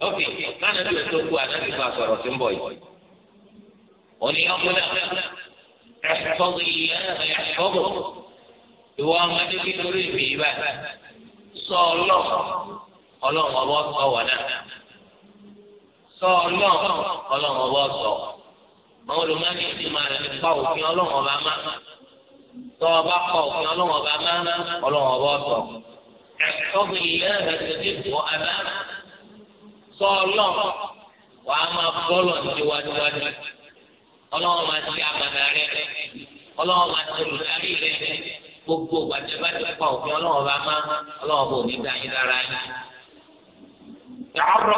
ok lánàá tó tó kú ànábì fún àsọ̀rọ̀ tí ń bọ̀ yìí òní ọkùnrin ẹ̀fọ́gbì ẹ̀fọ́gbò ìwọ ọmọdé kékeré ìbí yìí báyìí sọ ọlọ́ọ̀ ọlọ́ọ̀ ọba sọ wọ̀ náà sọ ọlọ́ọ̀ ọlọ́ọ̀ ọba sọ àwọn olùmọ̀ọ́nì ti máa rẹ̀ pa òfin ọlọ́ọ̀ ọba má tọ́ ọba pa òfin ọlọ́ọ̀ ọba má ọlọ́ọ̀ ọba sọ ẹ̀fọ́gbì ẹ̀fọ́gbì ẹ̀fọ́gbì sọ́ọ̀lọ́ wàá máa bọ́ọ̀lù ní wájúwájú ọlọ́wọ́ máa ti àbàdà rẹ ọlọ́wọ́ máa ti olùdarí rẹ gbogbo gbàjẹ́ bá ti pa òfin ọlọ́wọ́ bá má ọlọ́wọ́ bò ní mọ nígbà tí ara tù nígbà tó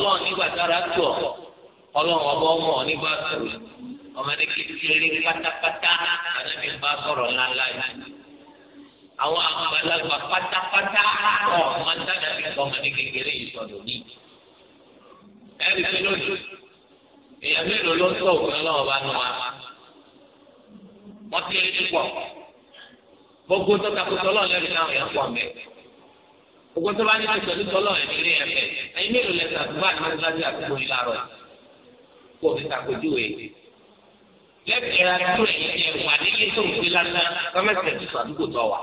mọ nígbà tí ara tù ọlọ́run ọba ọmọ ọ nígbà sọ̀rọ̀ ọmọ ní kékeré pátápátá ànábì bá sọ̀rọ̀ ńláńlá yìí àwọn àgbàlagbà pátápátá ọmọ dáadáa bí ọmọ ní kékeré yìí sọ̀rọ̀ ní. ẹ̀rí pé lójú èèyàn mélòó ló ń sọ òfin ọlọ́run bá nù wá wọ́n kéré púpọ̀ gbogbo tó takò tọ́lọ́ lẹ́rìí náà yẹn pọ̀ mẹ́ gbogbo tó bá ní pẹ̀lú tọ́lọ́ ẹ̀mí rí ẹ̀fẹ̀ ẹ̀yìn mélòó lẹ́sà tó bá ní kó fi sàpèjúwe lẹ́bìnrin adúlọ yìí ni ẹ̀wà nílé tó ń gbé lásán gọ́mẹ̀ntì ti sọ tó wà.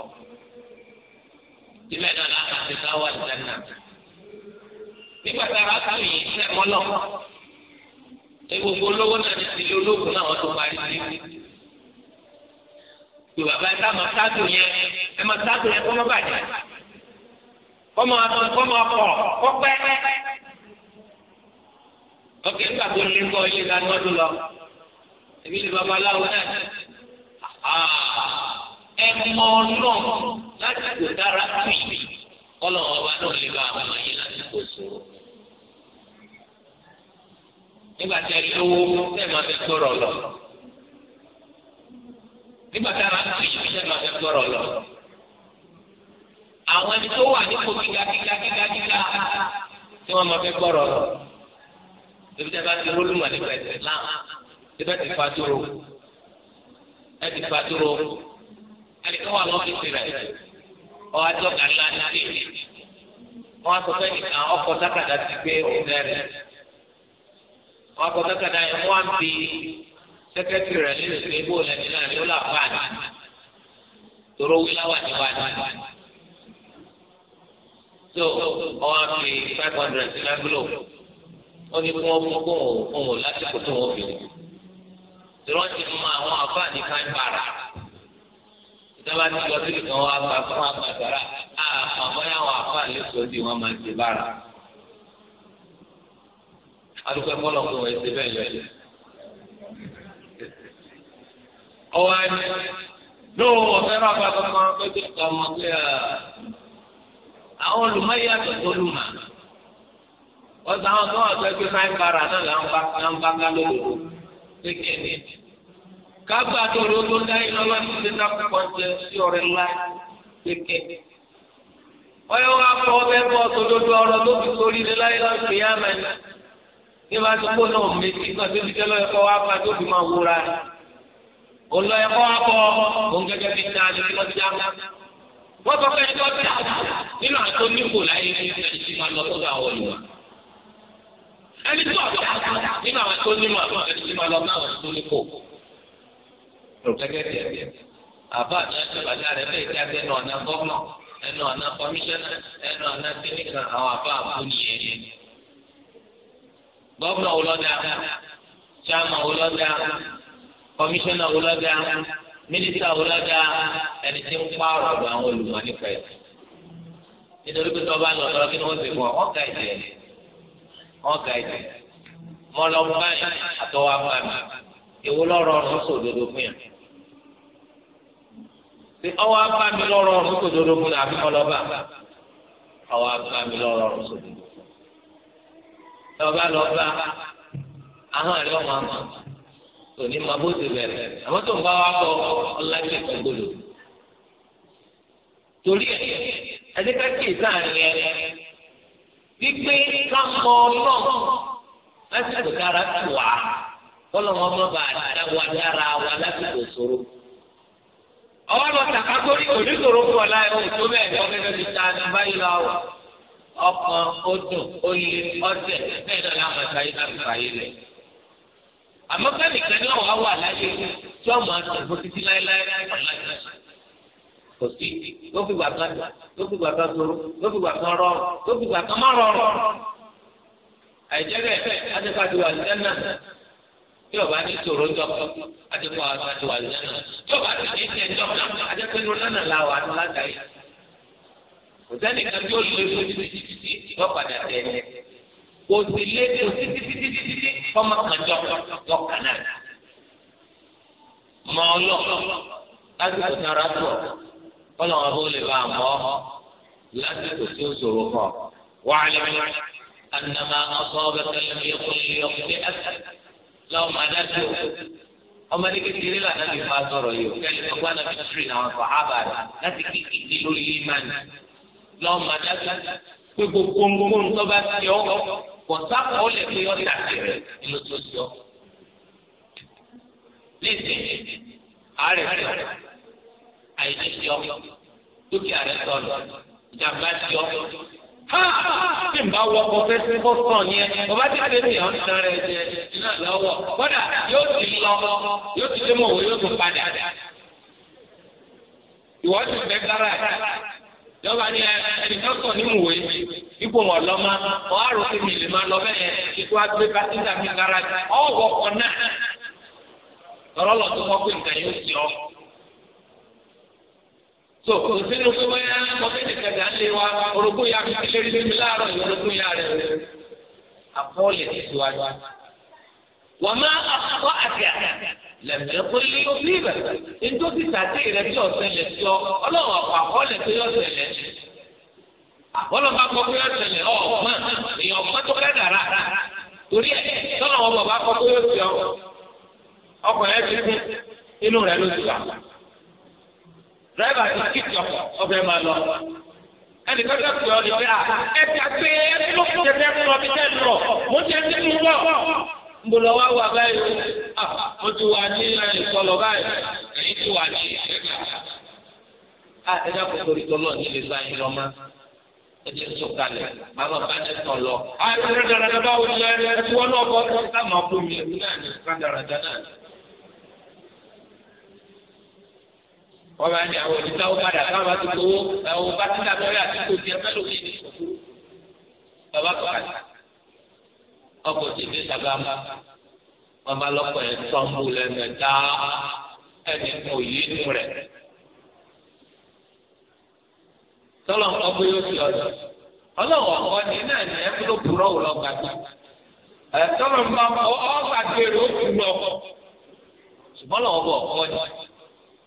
ìbẹ̀rẹ̀ náà láti ti sáwọ́ àdìsẹ́nà. nígbà tá a bá sáwọ́ yìí sẹ́ mọ́lọ́ egbogbo olówó náà ní ti ológun náà wọ́n tó parí sí. yorùbá bá tá a máa yẹn ẹ máa sáàtò yẹn kọ́ bàjẹ́ kọ́ mọ́ ọkọ̀ kọ́ pẹ́ẹ́pẹ́ẹ́ ọkẹ́ nígbà tó lé kọ́ ilé ìdáná ọdún lọ ebi ní babaláwo náà ẹ mọ náà láti kò dára pì kọ́lọ̀ ọba náà lè bá àwọn ọmọ yìí láti kò sòrò. nígbà tí ẹ lówó ẹ máa fẹ́ gbọ́rọ̀ lọ nígbà tí ara náà yìí ẹ máa fẹ́ gbọ́rọ̀ lọ. àwọn ẹni tó wà nípò gíga gíga gíga gíga tí wọ́n máa fẹ́ gbọ́rọ̀ lọ ebi tẹ bá ti rólùmọ̀ nípa ẹ̀sìn Islam ibẹ̀ ti fa dúró ẹ̀ ti fa dúró ẹnìkan wà lọ́fíìsì rẹ̀ ọ̀ adọ́gà ńlá ní ilé wọn sọ pé nìkan ọkọ̀ sákàdá ti gbé òun rẹ̀ wọn kọ kẹkẹdà yẹn wọn ń bi sẹkẹtiri rẹ nínú ìpè bó lẹni náà ni ó là bá ní tóró wíláwà ní wà ní. so ọwọ́n fi five hundred sí lágbèlò wọ́n ní kí wọ́n fún kó wọn ò fún wọn lásìkò tó wọn fi wò tí wọ́n ti mọ àwọn àfáàní kan bàrà ìjọba ti lọ síbi kan wá gba fún agbàdàrà àpamọ́ àwọn àfáàní sòdì wọn máa ti bàrà. alùpùpù ẹ̀fọ́ lọ́kùn wọn ṣe bẹ́ẹ̀ lọ́yẹ̀. ọwọ́ ẹni lóò ọ̀fẹ́ náà bá kankan pé kí ọmọ pé àwọn olùmọ̀ yàtọ̀ tó lù ọ̀sán àwọn tó wà tó ẹgbẹ́ five bara náà là ń bá là ń bá ká lóko kékeré ní. kágbá tó rí o tó ń dá iná lọ́sí ti ná púpọ̀ ń jẹ sí ọ̀rẹ́ ńlá kékeré. ọyọ wa fọ ọbẹ bọ ọsọdodo ọ̀rọ̀ tó fi sórí ilé láyé lọ sí yàmẹ ní. ní bá tó kó náà méjì náà tó fi jẹ lọ́yọ̀ kọ́ wá tó fi máa wúra rẹ̀. olóyè kọ́ bọ̀ òun gẹ́gẹ́ bí ní alẹ́ lọ́sí yàmẹ. wọ́n sọ pé ẹjọ́ bí ẹni tí wà á kàkà nínú àwọn tó nínú àwọn ẹni tí wà lọ náà wọn tó ní kò. gẹ́gẹ́ bí ẹ̀bí àbá àtúnṣe bàjá rẹ̀ lè jẹ́ ẹnu ọ̀nà gọ́ọ̀nà ẹnu ọ̀nà kọmíṣánná ẹnu ọ̀nà kíníkà àwọn àbá àbúni yẹn. gọ́ọ̀nà olódà chairman olódà kọmíṣánná olódà mínísítà olódà ẹni tí ń pààrọ̀ àwọn olùmọ̀ nípa ẹ̀ nítorí pé tọ́ba lọ́dọ̀ kí ni wọ́n ti wọ̀ ọ́ wọn ga ẹdẹ mọ lọ báyìí àtọwọ abáyìí èwo lọrọ ọrùn sòdodo fún yàn ṣe ọwọ abáyìí lọrọ ọrùn sòdodo fún yàn àbí mọ lọ bá ọwọ abáyìí lọrọ ọrùn sòdodo lọba lọba ahọ́n àlẹ́ ọmọ àmọ́ òní máa bó ti bẹ̀rẹ̀ àmọ́ tó ń bá wa bọ̀ ọlájẹ́ ìgbàgbọ́dọ̀ torí ẹ̀ ẹ̀dẹ́ká kì í sáà ní ẹ̀ pípé kámọ ọlọ́ọ̀ lásìkò dára tù wá kọlọ́wọ́n mọ́ bá dáwà dára wa lásìkò sòro. ọwọ́ lọ tàkà sórí oníṣòro fún ọ láì tó bẹ́ẹ̀ lọ gẹ́gẹ́ bí ta ní báyìí lọ wà. ọkàn ọ̀sẹ̀ bẹ́ẹ̀ yìí lẹ̀. àmọ́ wà láyé tí ọmọ àti kò sí ló fi gbà kan ló fi gbà kan sọ̀rọ̀ ló fi gbà kan rọrùn ló fi gbà kan má rọrùn. àìjẹ́ bẹ́ẹ̀ adépa ti wà lẹ́nà tí ọba ní sọ̀rọ̀ jọ adépa ti wà lẹ́nà tí ọba ti ní ìtẹ̀ jọ adépa inú lẹ́nà la wà ní látàrí. kò sẹ́ni kan tí ó lè lò títí yọ padà tẹ̀ ẹ́ kò sí lé kò sí títítítítí fọ́mọ kan jọ lọ kànáà mọ́ ọlọ́ọ̀ lásìkò náírà tó ọ̀ kọ́lọ̀ wọn bó lè bá a mọ́ lásìkò tí ó ṣòro kọ́ wàhálà anamá ọsọ́ọ́bẹ̀tẹ̀ lẹ́nu yẹ kó lè yọ kó lè ẹsẹ̀ lọ́wọ́ máa dájú o ọmọdé kékeré lànà lè fa sọ̀rọ̀ yìí o kẹ́lẹ́ ọgbà náà fi tiri náà fà ábà láti kí ìdí lórí ìmánì lọ́wọ́ máa dájú pé gbogbo ńgbóhùn tó bá ti ọ́ kò sáfà ó lè fi ọ́ dàbí rẹ̀ nínú tó ti ọ́. lẹ́sìn àárẹ̀ rẹ̀ àìsí sí ọ dúkìá rẹ sọnù ìjàmbá sí ọ. Bí n bá wọ kó sàn ń tan rẹ̀ jẹ iná lọ́wọ́. Kọ́dà yóò ti lọ, yóò ti dé yóò tún padà. Ìwọ́ ti fẹ́ ẹ̀. Ìjọba ni ẹni tó sọ ní ipò wọn lọ máa, mi lè máa lọ bẹ́ẹ̀ ikú agbé mi ẹ̀. Ọ̀wọ̀ kan náà. tó so kò sínú pé bóyá ọ̀gbẹ́ni kẹta ń lé wa orogún ya fi lé lé mi láàárọ̀ yìí orogún ya rẹ̀ àpọ́ọ̀lì ti tu wájú. wọ́n máa akọ́ àti àgbà lẹ́mẹ̀ẹ́ pé lé omi ibẹ̀ nítorí tàtí rẹ̀ tí ọ̀sẹ̀ lẹ̀ tí ọ ọlọ́wọ́ àpò àpọ́ọ̀lì tó yọ ọ̀sẹ̀ lẹ̀ àpọ́ọ̀lọ́ bá kọ́ pé ọ̀sẹ̀ lẹ̀ ọ̀gbọ́n èèyàn ọ̀gbọ́n tó kẹ́ dàrá torí ẹ̀ tọ́lọ̀ wọn bọ̀ bá kọ́ pé ọ̀sẹ̀ ọkọ̀ yẹn ti inú rẹ̀ ló ti wà. dírẹ́bà ti kíkì ọkọ̀ máa lọ. ẹnì kan kẹ́kọ̀ọ́ yọ ọ́ yà ẹ ti àgbẹ̀ ẹ ló fún ẹgbẹ́ fún ọbí tẹ́ lọ mo ti ẹni mú wọ̀. ń bọ̀ lọ wá wà báyìí mo ti wà ní ìsọlọ báyìí èyí ti wà ní ìṣẹ́gbà. a ẹ rí báyìí lọ wọ́n máa ní àwọn òdìdá ó padà káwọn bá ti gbowó àwọn bá ti dàgbọ́ yà ti kò tiẹ̀ mẹ́lò ní ìdìbò bàbá kọ́kàtì ọkọ̀ tí ìdí sábà mọ́ wọ́n bá lọ́kọ̀ ẹ̀ tọ́ǹbù lẹ́nu ẹ̀ dá ẹni kò yí inú rẹ̀ tọ́lọ̀ ń kọ́ yóò fi ọ̀dọ̀ ọlọ́wọ́ ọkọ ní náà ní ẹbí ló burọ́ òun ẹ̀ tọ́lọ̀ ń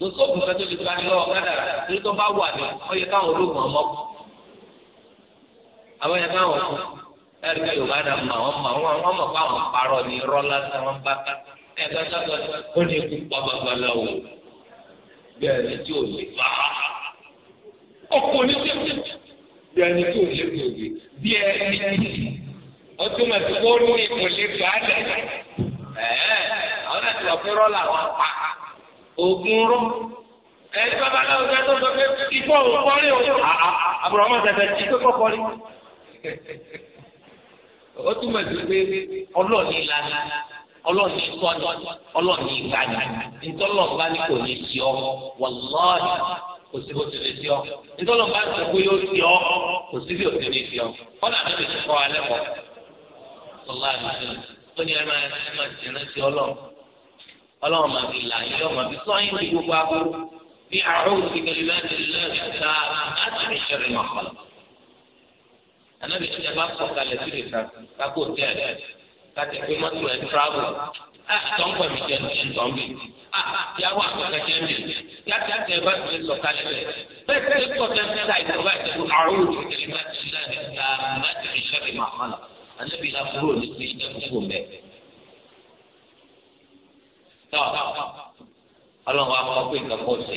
kò sóògùn kan tó lè gba ni lọ́wọ́ kádàrà torí tó bá wà ní ọyẹ káwọn olóògùn ọmọ kù àwọn yẹn káwọn kù ẹ̀rí ká yorùbá dà mọ àwọn mọ àwọn ọmọ kó àwọn parọ́ ní irọ́ lásán wọn bá ká ẹgbẹ́ sọ́kọ̀ ó ní ikú pàbàbàlà o bẹ́ẹ̀ ni tí ò lè fà á ọkọ̀ ní tí bí ẹni tí ò lè fi òye bí ẹni tí ọtún mọ̀ sí kó ní ìkùnlé fà á lẹ̀ ẹ̀ẹ́ àwọn náà ti wà fún rọ́ọ̀lù àwọn pa á oògùn rú ẹni bàbá náà ọjọ́ tó sọ pé ìfọ̀ òun kọ́rí o àbúrò ọmọ tẹ̀fẹ̀ tí pé kọ́ kọ́rí. ó túmọ̀ sí pé ọlọ́ọ̀ni ìlànà ọlọ́ọ̀ni ìtọ́jú ọlọ́ọ̀ni ìgbàgbà ìtọ́lọ́ọ̀bá ni kò ní sí ọ wàlọ́ọ̀ni kò sí bó ti lè sí ọ ìtọ́lọ́ọ̀bá ti kó yóò sí ọ kò sí bí ò ti lè sí ọ kọ́lá mi lè kọ́ alẹ́ kọ́ sọlá mi ní ẹ ọlọ́run máa fi là yín lọ́mọ fi sọ́yìn ní gbogbo aburú bí àrùn ìgbẹ́lẹ́ láti lẹ́yìn ta láti fi ṣẹ̀rẹ̀ máa kọ̀ ànábì tí a bá kọ̀ kalẹ̀ sí ìta kákó tẹ̀ káti pé mọ́tò ẹ̀ tíráàbù ah, tọ́ǹpọ̀ mi jẹ́ ní tọ́ǹbì ah, ah, yàwó àkọ́kọ́ jẹ́ mi yàtí àti ẹ̀ bá ti lè sọ kalẹ̀ bẹ́ẹ̀ bẹ́ẹ̀ tẹ́lẹ̀ kọ́ tẹ́ láì tọ́ báyìí tẹ́lẹ̀ àrùn ìgbẹ́lẹ́ láti lẹ́yìn ta láti fi ṣẹ̀rẹ̀ máa kọ̀ ànábì tọ́ ọlọ́run wa pé nǹkan sí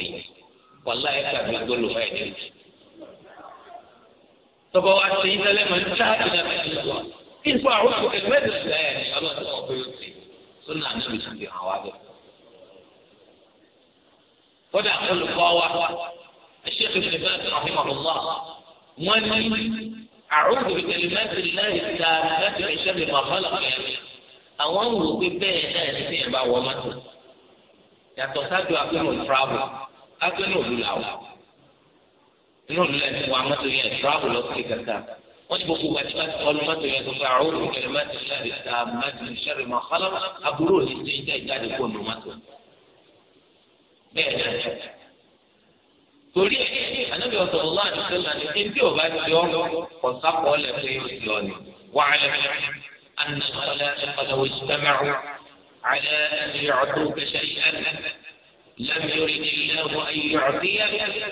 tàbí ní. tọ́kọ wa ṣe yín tẹ́lẹ̀ máa ń kí n fọ àwọn ní tó ti hàn wá kódà olùkọ́ wa tó ní àrùn náà ìta àwọn ń wò pé bẹ́ẹ̀ náà ní sèyàn bá wọ mọ́tò yàtọ̀ sáájú agbẹ́mọ̀ travel agbẹ́mọ̀ òlu làwọ̀ inú òlu lẹ́nu wa mọ́tò yẹn travel lọ sí kàtà wọ́n ti gbogbo àti bá ti ọlọ́ mọ́tò yẹn tó fẹ́ àwọn olùkẹ́lẹ́ mọ́tò yẹn tó mọ́tò sẹ́rì mọ́ kọ́lọ́ aburú òní ti ń jẹ́ ìjáde kó lu mọ́tò bẹ́ẹ̀ náà torí ẹ anabi ọsàn ọlọ àti أن الخلائق لو اجتمعوا على أن يعطوك شيئا لم يرد الله أن يعطيك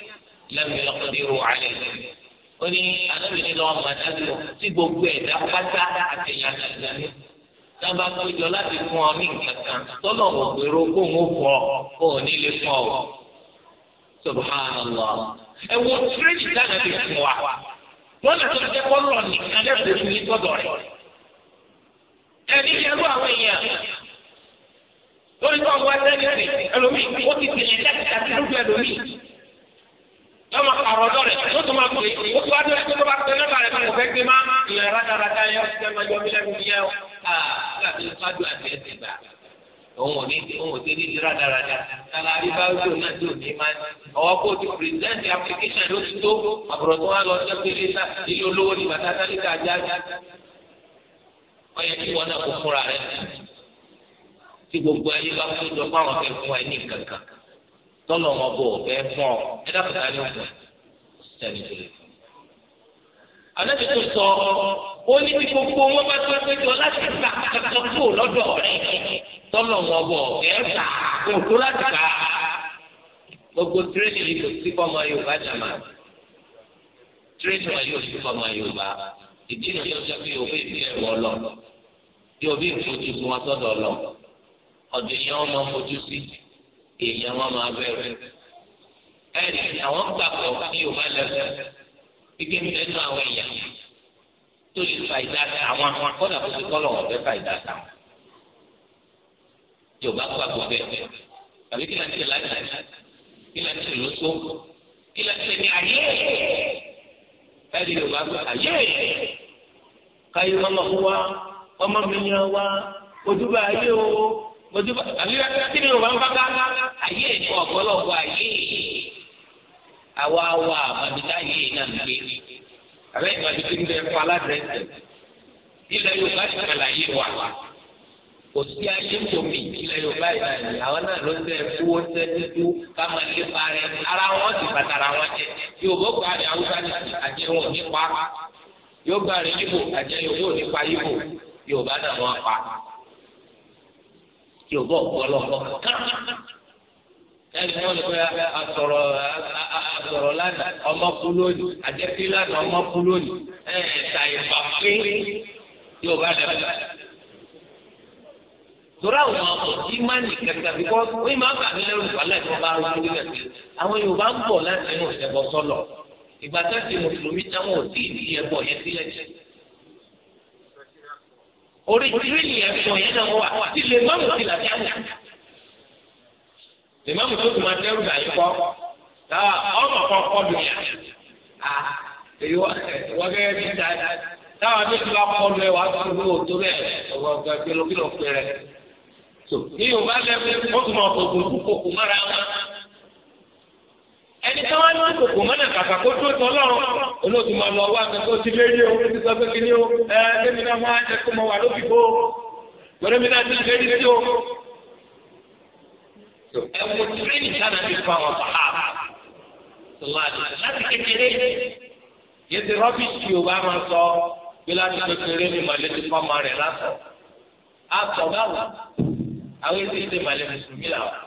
لم يقدروا عليه ó ní anábìrin lọ́wọ́ màdájọ́ tí gbogbo ẹ̀dá pátá àtẹ̀yàn àtẹ̀yàn tábà péjọ láti fún ọ ní kankan tọ́lọ̀ wọ̀ pẹ̀rọ kóhùn fọ kó ní lè fọ ọ. subhanallah ẹ wo tírẹ́jì dáná ti fún wa wọ́n lè tó jẹ́ kọ́lọ̀ nìkan lẹ́sẹ̀ fún yín gbọ́dọ̀ rẹ̀. ẹni ẹrú àwọn èèyàn lórí tó ń wá sẹ́yìn rẹ̀ ẹlòmíì ó ti tẹ̀lé láti tàbí lójú ẹlòmíì lọ́mọ àròdọ́ rẹ̀ ló tún máa gbé ó tún wá dé ẹgbẹ́ tó bá tẹ lọ́ba rẹ̀ bẹ̀rẹ̀ fẹ́ gbé má ìyẹn rádaràda yọ ṣẹ́ máa yọ mí lẹ́nu yẹ ọ́ láti ṣáájú àti ẹ̀sìn gbà òun ò ní òun ò ti ní ti rádaràda tala àríbáwò náà tí ò ní máa ní ọwọ́ kó o ti present application ló ti tó àbùrọ̀ tó wá lọ sẹ́kẹ̀lẹ́ ilé olówó ni bàtà sálíkà jáde ọyẹ kí wọn náà kó fúnra rẹ tí gbogbo ayé bá kó jọ fún àwọn fẹẹ fún ẹ ní kankan tọlọ wọn bò fẹẹ fún ọ ẹ dákúta ní ọgbà sẹni tó lè fún. àlejò tó sọ ó ní bí gbogbo wọn bá tó ẹgbẹ́ jọ láti gbà kankan kó lọ́dọ̀ rẹ tọlọ wọn bò fẹẹ fà kó tó láti gbà gbogbo tírẹ́nì yìí kò sí fọmọ Yorùbá jàmá tírẹ́nì wọn yóò sí fọmọ Yorùbá ìdí nìyẹn tó jẹ́ pé Yorùbá lọ tí òbí fojú sí wọn sọ́dọ̀ lọ ọ̀dọ̀ èèyàn wọn máa fojú sí èèyàn wọn máa bẹ̀rẹ̀ ẹnì àwọn gbàgbọ́ ní yorùbá lẹsẹ gbígbé ń bẹnu àwọn èèyàn tó lè fa ìdáta àwọn àwọn akọ́dà tó ti kọ́lọ̀ wọ́n fẹ́ fa ìdáta yorùbá gbàgbọ́ bẹ́ẹ̀ àbí kí láti láti kí láti lóso kí láti ní ayé ẹnì yorùbá gbàgbọ́ ayé káyé mọ́mọ́ fún wa ọmọ mi yàn wá ojúbà ayé o ojúbà àlùyàtà kí ni yorùbá ń bá ká ayé ẹ̀kọ́ ọ̀pọ̀lọpọ̀ ayé àwa wa àmàdìdá ayé náà ń gbé àbẹ́ ìgbàdìdí ń bẹ fún aládìrẹ́sì ilẹ̀ yorùbá ti pẹ̀lú ayé wa kò sí ayé tómi ilẹ̀ yorùbá yìí náà ni àwọn náà ló ń bẹ fúwọ́ sẹ́dúdú ká máa lé parẹ́ ara wọn ti bàtà ara wọn jẹ yorùbá gba àrẹ haúsá ní àjẹwọ̀n nípa yorùbá rẹ̀ yíbò àjẹyọ̀ yóò nípa yíbò yorùbá náà wọ́n pa yorùbá ọ̀pọ̀lọpọ̀ kán ẹni wọn lè fẹ asọ̀rọ̀ asọ̀rọ̀ lánàá ọmọ kú lónìí àjẹpí lánàá ọmọ kú lónìí ẹ ta ìfà pé yorùbá náà tora àwọn ọmọ yìí máa ń nìkẹta bí kò wọ́n máa ń bà mí lẹ́rù nípa láì fún bá wọn lórí ẹ̀ sí àwọn yorùbá ń bọ̀ láti inú ìṣẹ̀bọ sọ́lọ̀ ìgbà tó mùsùlùmí táwọn ò tí ì ní ẹbọ yẹn sílẹ̀ jẹ́ orí ni ẹ̀sùn yẹn náà wà tí lè mọ́mù ti làbí àná. lè mọ́mù tó tún máa dẹ́rù náà yìí kọ́ ọmọ kan kọ́ lu yà. èyí wọ́n gẹ́gẹ́ bí ta táwọn tó ti bá kọ́ lu ẹ̀ wá tó lu òtó rẹ̀ ọ̀gọ̀gọ̀ ìpínlẹ̀ òkè lọ pẹ̀rẹ̀. ní Yorùbá lẹ́gbẹ̀ẹ́ mọ́tò máa fògùn kókò mára wọn ẹni tí wọn ní kòkò mọ́nà kàkà kó tó tọ́ lọ́rùn olóòtú máa lọ wá nǹkan tó ti lérí o ti sọ pé kí ni o ẹ lẹ́mi náà máa jẹ kó mọ wà lóbi bó gbọ́dọ̀ mi náà ti lérí lérí o. ẹ wo tírénì sáná ti fa wọn fà á sọlá láti kékeré yé ti rọ́bìsì o bá máa sọ bí láti kékeré ni màlẹ́ ti rẹ̀ lásán. a sọ báwo àwọn èsì ti màlẹ́ mùsùlùmí làwọn.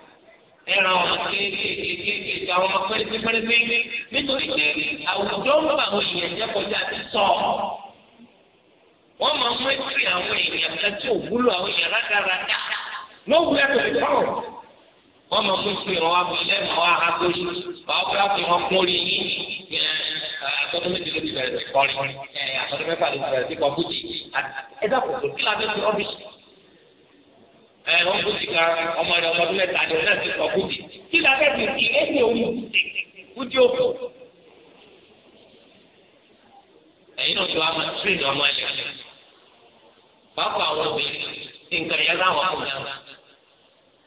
ẹran wọn kéékèèké àwọn ọmọ pẹrẹsẹ pẹrẹsẹ nítorí pé àwùjọ ń bá àwọn èèyàn jẹ kọjá ti sọ wọn máa mú ẹtì àwọn èèyàn kan tí ò wúlò àwọn èèyàn rádaràdà lówùú ẹtọ ìfọwọ wọn máa mú ẹtì wọn wá bọlẹ mọ wá ha lórí wàá bá fi wọn kún orí yín ẹ àtọ́dún méjì ti bẹ̀rẹ̀ sí kọrin ẹ àtọ́dún mẹ́fà ti bẹ̀rẹ̀ sí kọ ẹ dákòókò kí la fi ọ́fíìsì ẹ wọn kú ti ka ọmọ rẹ ọmọdún mẹ́ta ni ọdún ẹsẹ kọ kú ti kí ni abẹ fi kí ẹ ṣe òun kú ti òfò. ẹ̀yin náà ti máa tírì ní ọmọ ẹlẹ pápá àwọn obìnrin nǹkan ìyá láwọn kò náà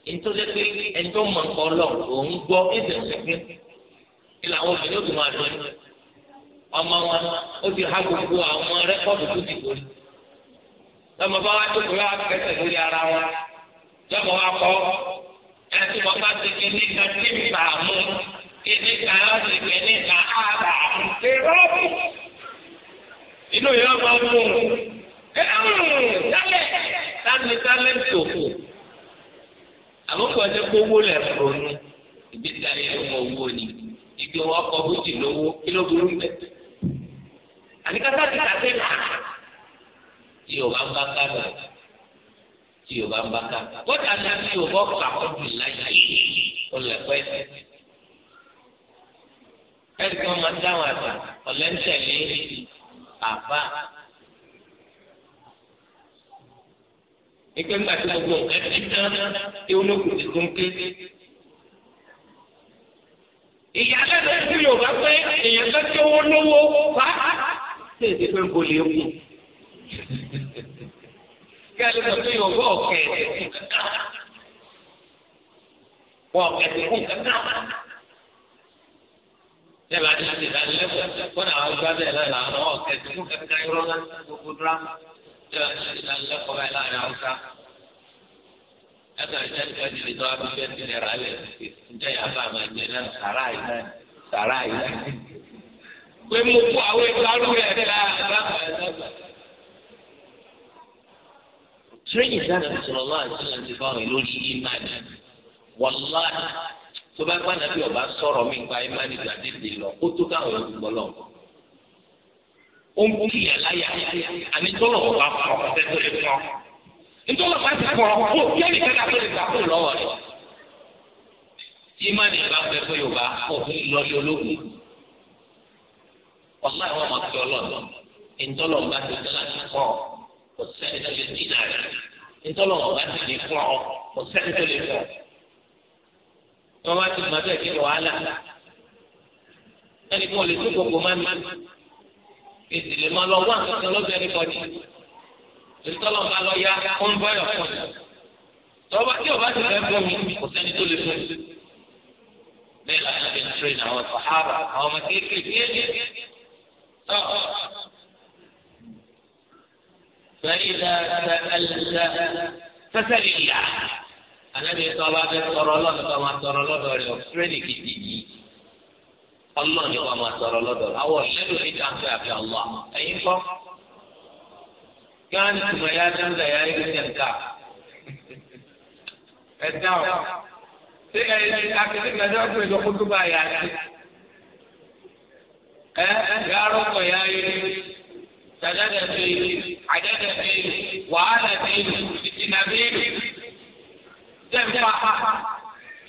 nítorí pé ẹni tó mọ nǹkan lọ òun gbọ́ ẹsẹ̀ ṣẹ̀kẹ́ kí làwọn obìnrin ó máa dọ̀ ẹ́ ọmọ wọn ó ti há gbogbo àwọn rẹ́kọ̀dù tó ti gbòòrò lọ́mọ bá wá tó kúrẹ́ àkẹ́kẹ́ lórí ara wọn yọmọ wa kọ ẹtí wọn bá ti fi ní kan tí mi bàa mú kí ní kan á ti fi ní kan á bàa mú ṣe rọ́ọ̀bù inú yìí wọn máa mú hmm, dálẹ̀ dálẹ̀ dálẹ̀ ti òfò àbúkọ ẹni gbowó lẹ ronú ibi tí a yẹ ọmọ owó ni ibi wọn kọ bójì lówó kí ló burú bẹ àníkàtà ti kàtẹ́ nà yóò ń bá kábàá tí yorùbá ń bá ká kódà náà tí yorùbá kà ọdún ìlàjà yìí ọlẹ́pẹ́ ẹ̀rí kan máa ń dáhùn àgbà ọ̀lẹ́ńtẹ̀lé àbá. ìpè ńgbà tí gbogbo nǹkan ti tán ewu ló kù ti tún ké. ìyá lẹ́nu tí yorùbá pé èèyàn tó owó lówó pa ṣèṣe pé ń bolè kù kẹ́lí ló ní owó ọ̀kẹ́ ẹ̀sìn kankan wọ́n ọ̀kẹ́ ẹ̀sìn kankan. ṣé bá ti ṣe ìdánilẹ́kọ̀ọ́ fún àwọn gbábẹ́ náà làwọn ọ̀kẹ́ ẹ̀sìn kankan irọ́ náà gbogbo dírámà ṣé bá ti ṣe ìdánilẹ́kọ̀ọ́ báyìí láàrin haúsá. ẹ̀ka ìṣẹ́ ìṣẹ́ ti lè tọ́ abẹ́fẹ́ ti lè rálẹ̀ ǹjẹ́ yàrá máa jẹ náà sàrà yìí náà sàrà yìí tírénì dáhùn sọ̀rọ̀ lọ́wọ́ àti sọ̀rọ̀ ti fáwọn èlò yìí ìmáàdì wàláhì tó bá gbàdá bí ọba sọ̀rọ̀ mi gba ìmáàdì gba dédé lọ ó tó káwọn olùgbọ́ lọ. ó ń bú ìyá láyà àní tọ́lọ̀ ọba kọ̀ ọ̀tẹ́ tó lè kọ́ nítorí ọba ti kọ̀ ọ́ yẹ́nì kẹ́kẹ́ tó lè gbà kó lọ́wọ́ rẹ̀. ìmáàdì bá fẹ́ fún yorùbá òfin lọ́lẹ́ ológun wàláhì wọn mọ̀ kò sẹ́ni tó lè dín náà rẹ̀ nítorí wọn bá ti lè fún ọ kò sẹ́ni tó lè fún ọ. wọ́n bá ti mọ bẹ́ẹ̀ kí wàhálà ẹni kí wọ́n lè tún gbogbo máa ń má èsì lè máa lọ wá nǹkan lọ́sẹ̀ ní kọ́ni nítorí wọn bá lọ ya ó ń bọ́yọ̀ fún mi. tí o bá ti fẹ́ fún mi kò sẹ́ni tó lè fún mi. bẹ́ẹ̀ làwọn ẹni tó ń tẹ̀lé àwọn sàhábà فإذا سألت فسل الله anabi tọba bẹ tọrọ lọ́dọ̀ kọ máa tọrọ lọ́dọ̀ rẹ̀ ọsirẹni kìkì yìí ọlọ́run ni kọ máa tọrọ lọ́dọ̀ rẹ̀ awọ lẹnu ní káfíń àfi ọlọ ẹyin kọ gánà tìmọ ya dáńdá ya ẹgbẹ ní ẹka ẹ dáhùn ṣé ẹ ẹ akéde gbàdúrà tó ẹjọ́ kó tó bá yà á ẹ ẹ yàrá ọkọ ya ayé. سدد فيه عدد فيه وعاد فيه فتن فيه دفع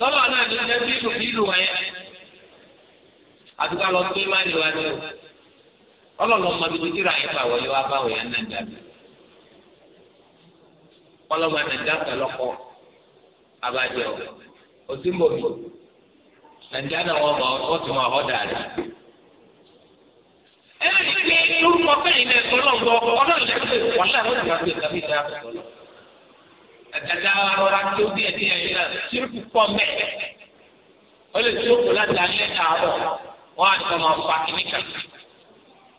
طبعا أنا نبيل في الوعي أتوقع الله ما الوعي ọlọ́lọ́ ma dúró tíra yẹn fà wọlé wá báwò yẹn náà dàbí ọlọ́mọ nàìjíríà pẹ̀lọ́kọ abájọ òsínbòmí nàìjíríà náà wọ́n mọ̀ ọ́ tún ọ̀họ́ ló mú ọfẹ́ yìí lẹ gbọ́ lọ́wọ́ ọlọ́run lẹ́sẹ̀ wàhálà ló ti máa gbé tàbí ìdá àbúrò. Àgàdá ọ̀rá tó díẹ̀ díẹ̀ yìí náà ṣírùkù pọ̀ mẹ́. Ó lè tó kù láti alẹ́ àárọ̀ wọ́n á sọ máa fa kìnnìkan.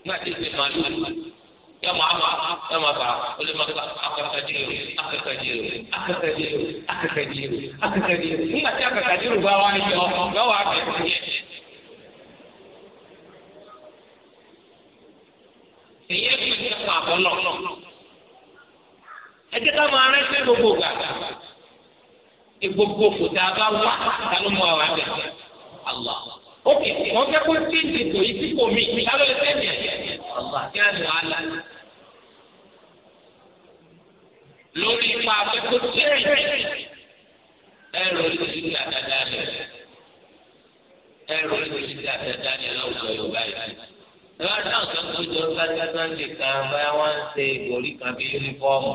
Nígbà tí ìgbè máa lù yọ máa ma yọ máa bá ó lè máa gba akẹ́kọ̀ọ́dìrò akẹ́kọ̀ọ́dìrò akẹ́kọ̀ọ́dìrò akẹ́kọ̀ọ́dìrò. Nígbà tí akẹ́kọ̀ọ́dìrò bá wá yọ yọ wá bẹ̀rẹ̀ èyí ẹbí ti kọ àbọ̀lọ̀ ẹ jẹ́ ká máa rẹ́ sí gbogbo gbà gbogbo kòtà bá wà kálọ́ mọ́ àwọn àgbẹ̀ Allah ok wọ́n fẹ́ kó tí ń dìbò yìí tí kò mí kálọ́ lè fẹ́ mi kí á lọ àlá lórí ipa akẹ́kọ̀ọ́ tí ẹ̀rọ ìdílé àdáda rẹ̀ ẹ̀rọ ìdílé àdáda rẹ̀ lọ́wọ́ Yorùbá yìí ìwà náà kan tó jọ sátẹ́sáńdì kan báyà wọ́n ń ṣe ìgbòrí kan bí yúnífọ́ọ̀mù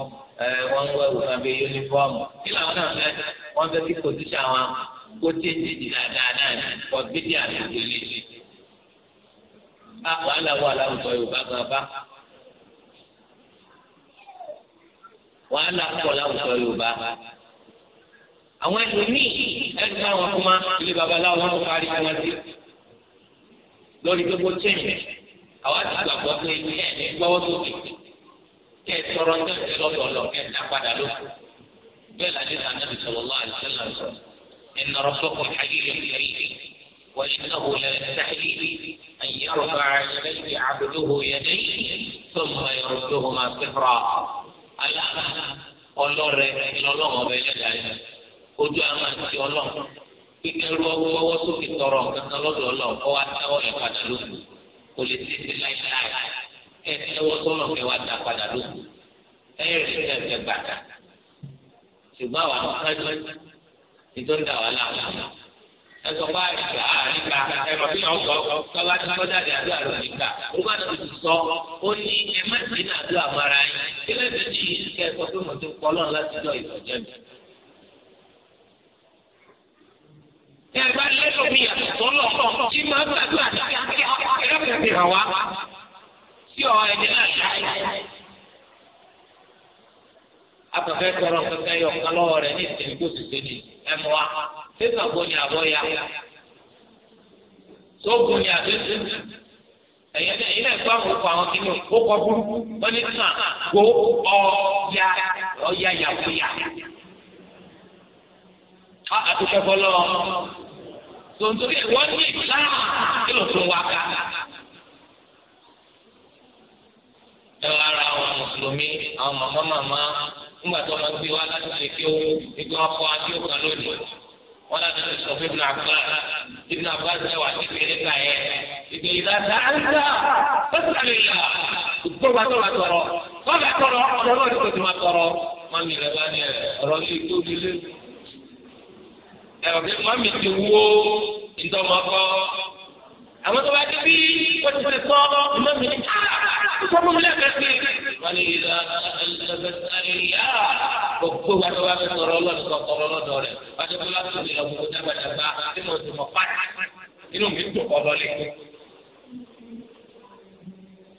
wọ́n ń wẹ̀wù kan bí yúnífọ́ọ̀mù kí làwọn náà fẹ́ wọ́n fẹ́ kí pòtíṣà wọn kó tẹ́jì dáadáa náà pọ̀ bídí àdúgbò lè ṣe. àpò aláwọ̀ aláwùjọ Yorùbá gan bá wàhálà pọ̀ láwùjọ Yorùbá àwọn ẹlòmíì ẹni táwọn fún wa ilé babaláwo wọn kárí fún wa sí lórí àwa ti gbàgbọ́ pé ẹ ní gbọ́wọ́ lókè kẹ tọrọ ní ọjọ́ lọ́dọọlọ kẹ ní apádà lóko bẹ́ẹ̀ làdé sàn náà sọ̀rọ̀ lọ́wọ́ àdìsẹ́là sọ ẹnà rọ́pọ̀kọ̀ ayélujára yìí wọ́n yìí náà wọlé sáyé ẹ̀yìn ọ̀gá ẹ̀rẹ́bí àbúrò yẹ̀dẹ́ ثم يردهما صفرا ألا ọlọ́rẹ̀ ìlọlọ́wọ́ ọbẹ̀ yẹ̀dá yẹn ojú àwọn àti ọlọ́run kíkẹ́rú ọwọ́ sókè tọrọ nǹkan lọ́dọ̀ ọlọ́run kọ́ wa táwọn ẹ̀ padà lóko kò lè ṣe ṣe láíláí ẹ ẹ wọ́n sọ̀rọ̀ ẹ wá dá padà lóko ẹ yẹ ṣe ẹ fẹ́ gbàgbà ṣùgbọ́n àwọn akẹ́kọ̀ọ́ nítorí dà wà láàmú ẹ sọ fún àìsàn àríkà ẹ mọ̀ bí wọ́n sọ tọ́ba tí wọ́n jáde àdúrà lọ nígbà nígbà tó ti sọ ó ní ẹ má ti ní àdúrà mọ́ra yín kí lẹ́sẹ̀ tí kẹ́ ẹ sọ pé mo ti kọ́ lọ́run láti lọ ìfọ̀jẹ́ mi. ẹ bá lẹ́nu mi yàtọ̀ lọ́kọ̀ tí máa gbàgbà ẹ̀rọ fi hàn wá sí ọ ẹni náà láyé. Abàfẹ́ tọrọ kankan yọ ọ̀kan lọ́wọ́ rẹ̀ ní ìsìn kó sì tóni ẹmu wa. Sẹ́sàn bó ni àbọ̀ ya? Sóògùn ni àbẹ̀tẹ̀. Ẹ̀yẹ́ náà ilé ẹ̀kọ́ àwọn òkú àwọn kìnìún ó kọ burúkú. Wọ́n ní sàn kó ọ̀ya ọ̀ya yàgò yàgò. ha àdúgbò fọlọ́ tontori ẹ̀ wọ́n ní ìlànà kí ha wá ká. ẹ wá ra àwọn mùsùlùmí àwọn màmá màmá nígbà tó máa gbé wá láti ṣe kí ó ibi wọn kọ adé lónìí wọn láti ṣe ibùdó àgbà ibùdó àgbà ṣe wà sí tó wà tọrọ tọrọ tọrọ bá ní lé. ẹ̀rọ pé mọ́mí ti wó ìdánmọ́kọ́ àwọn tó bá dé bí wọ́n ti ti sọ mọ́mí ní sọ ah, fún mi lẹ́ẹ̀kẹ́sì. wọ́n ní ìlà ẹ̀ẹ́dẹ́gbẹ̀sẹ̀ yá gbogbo wa tó bá fẹ́ sọ̀rọ̀ ọlọ́dún kan kọ́ ọlọ́dọ̀ rẹ̀ wọ́n ti bá tó lè lọ gbogbo dábàdàbà tí mo ti mọ̀ pátá inú mi dùn kọ́ lọ́lẹ̀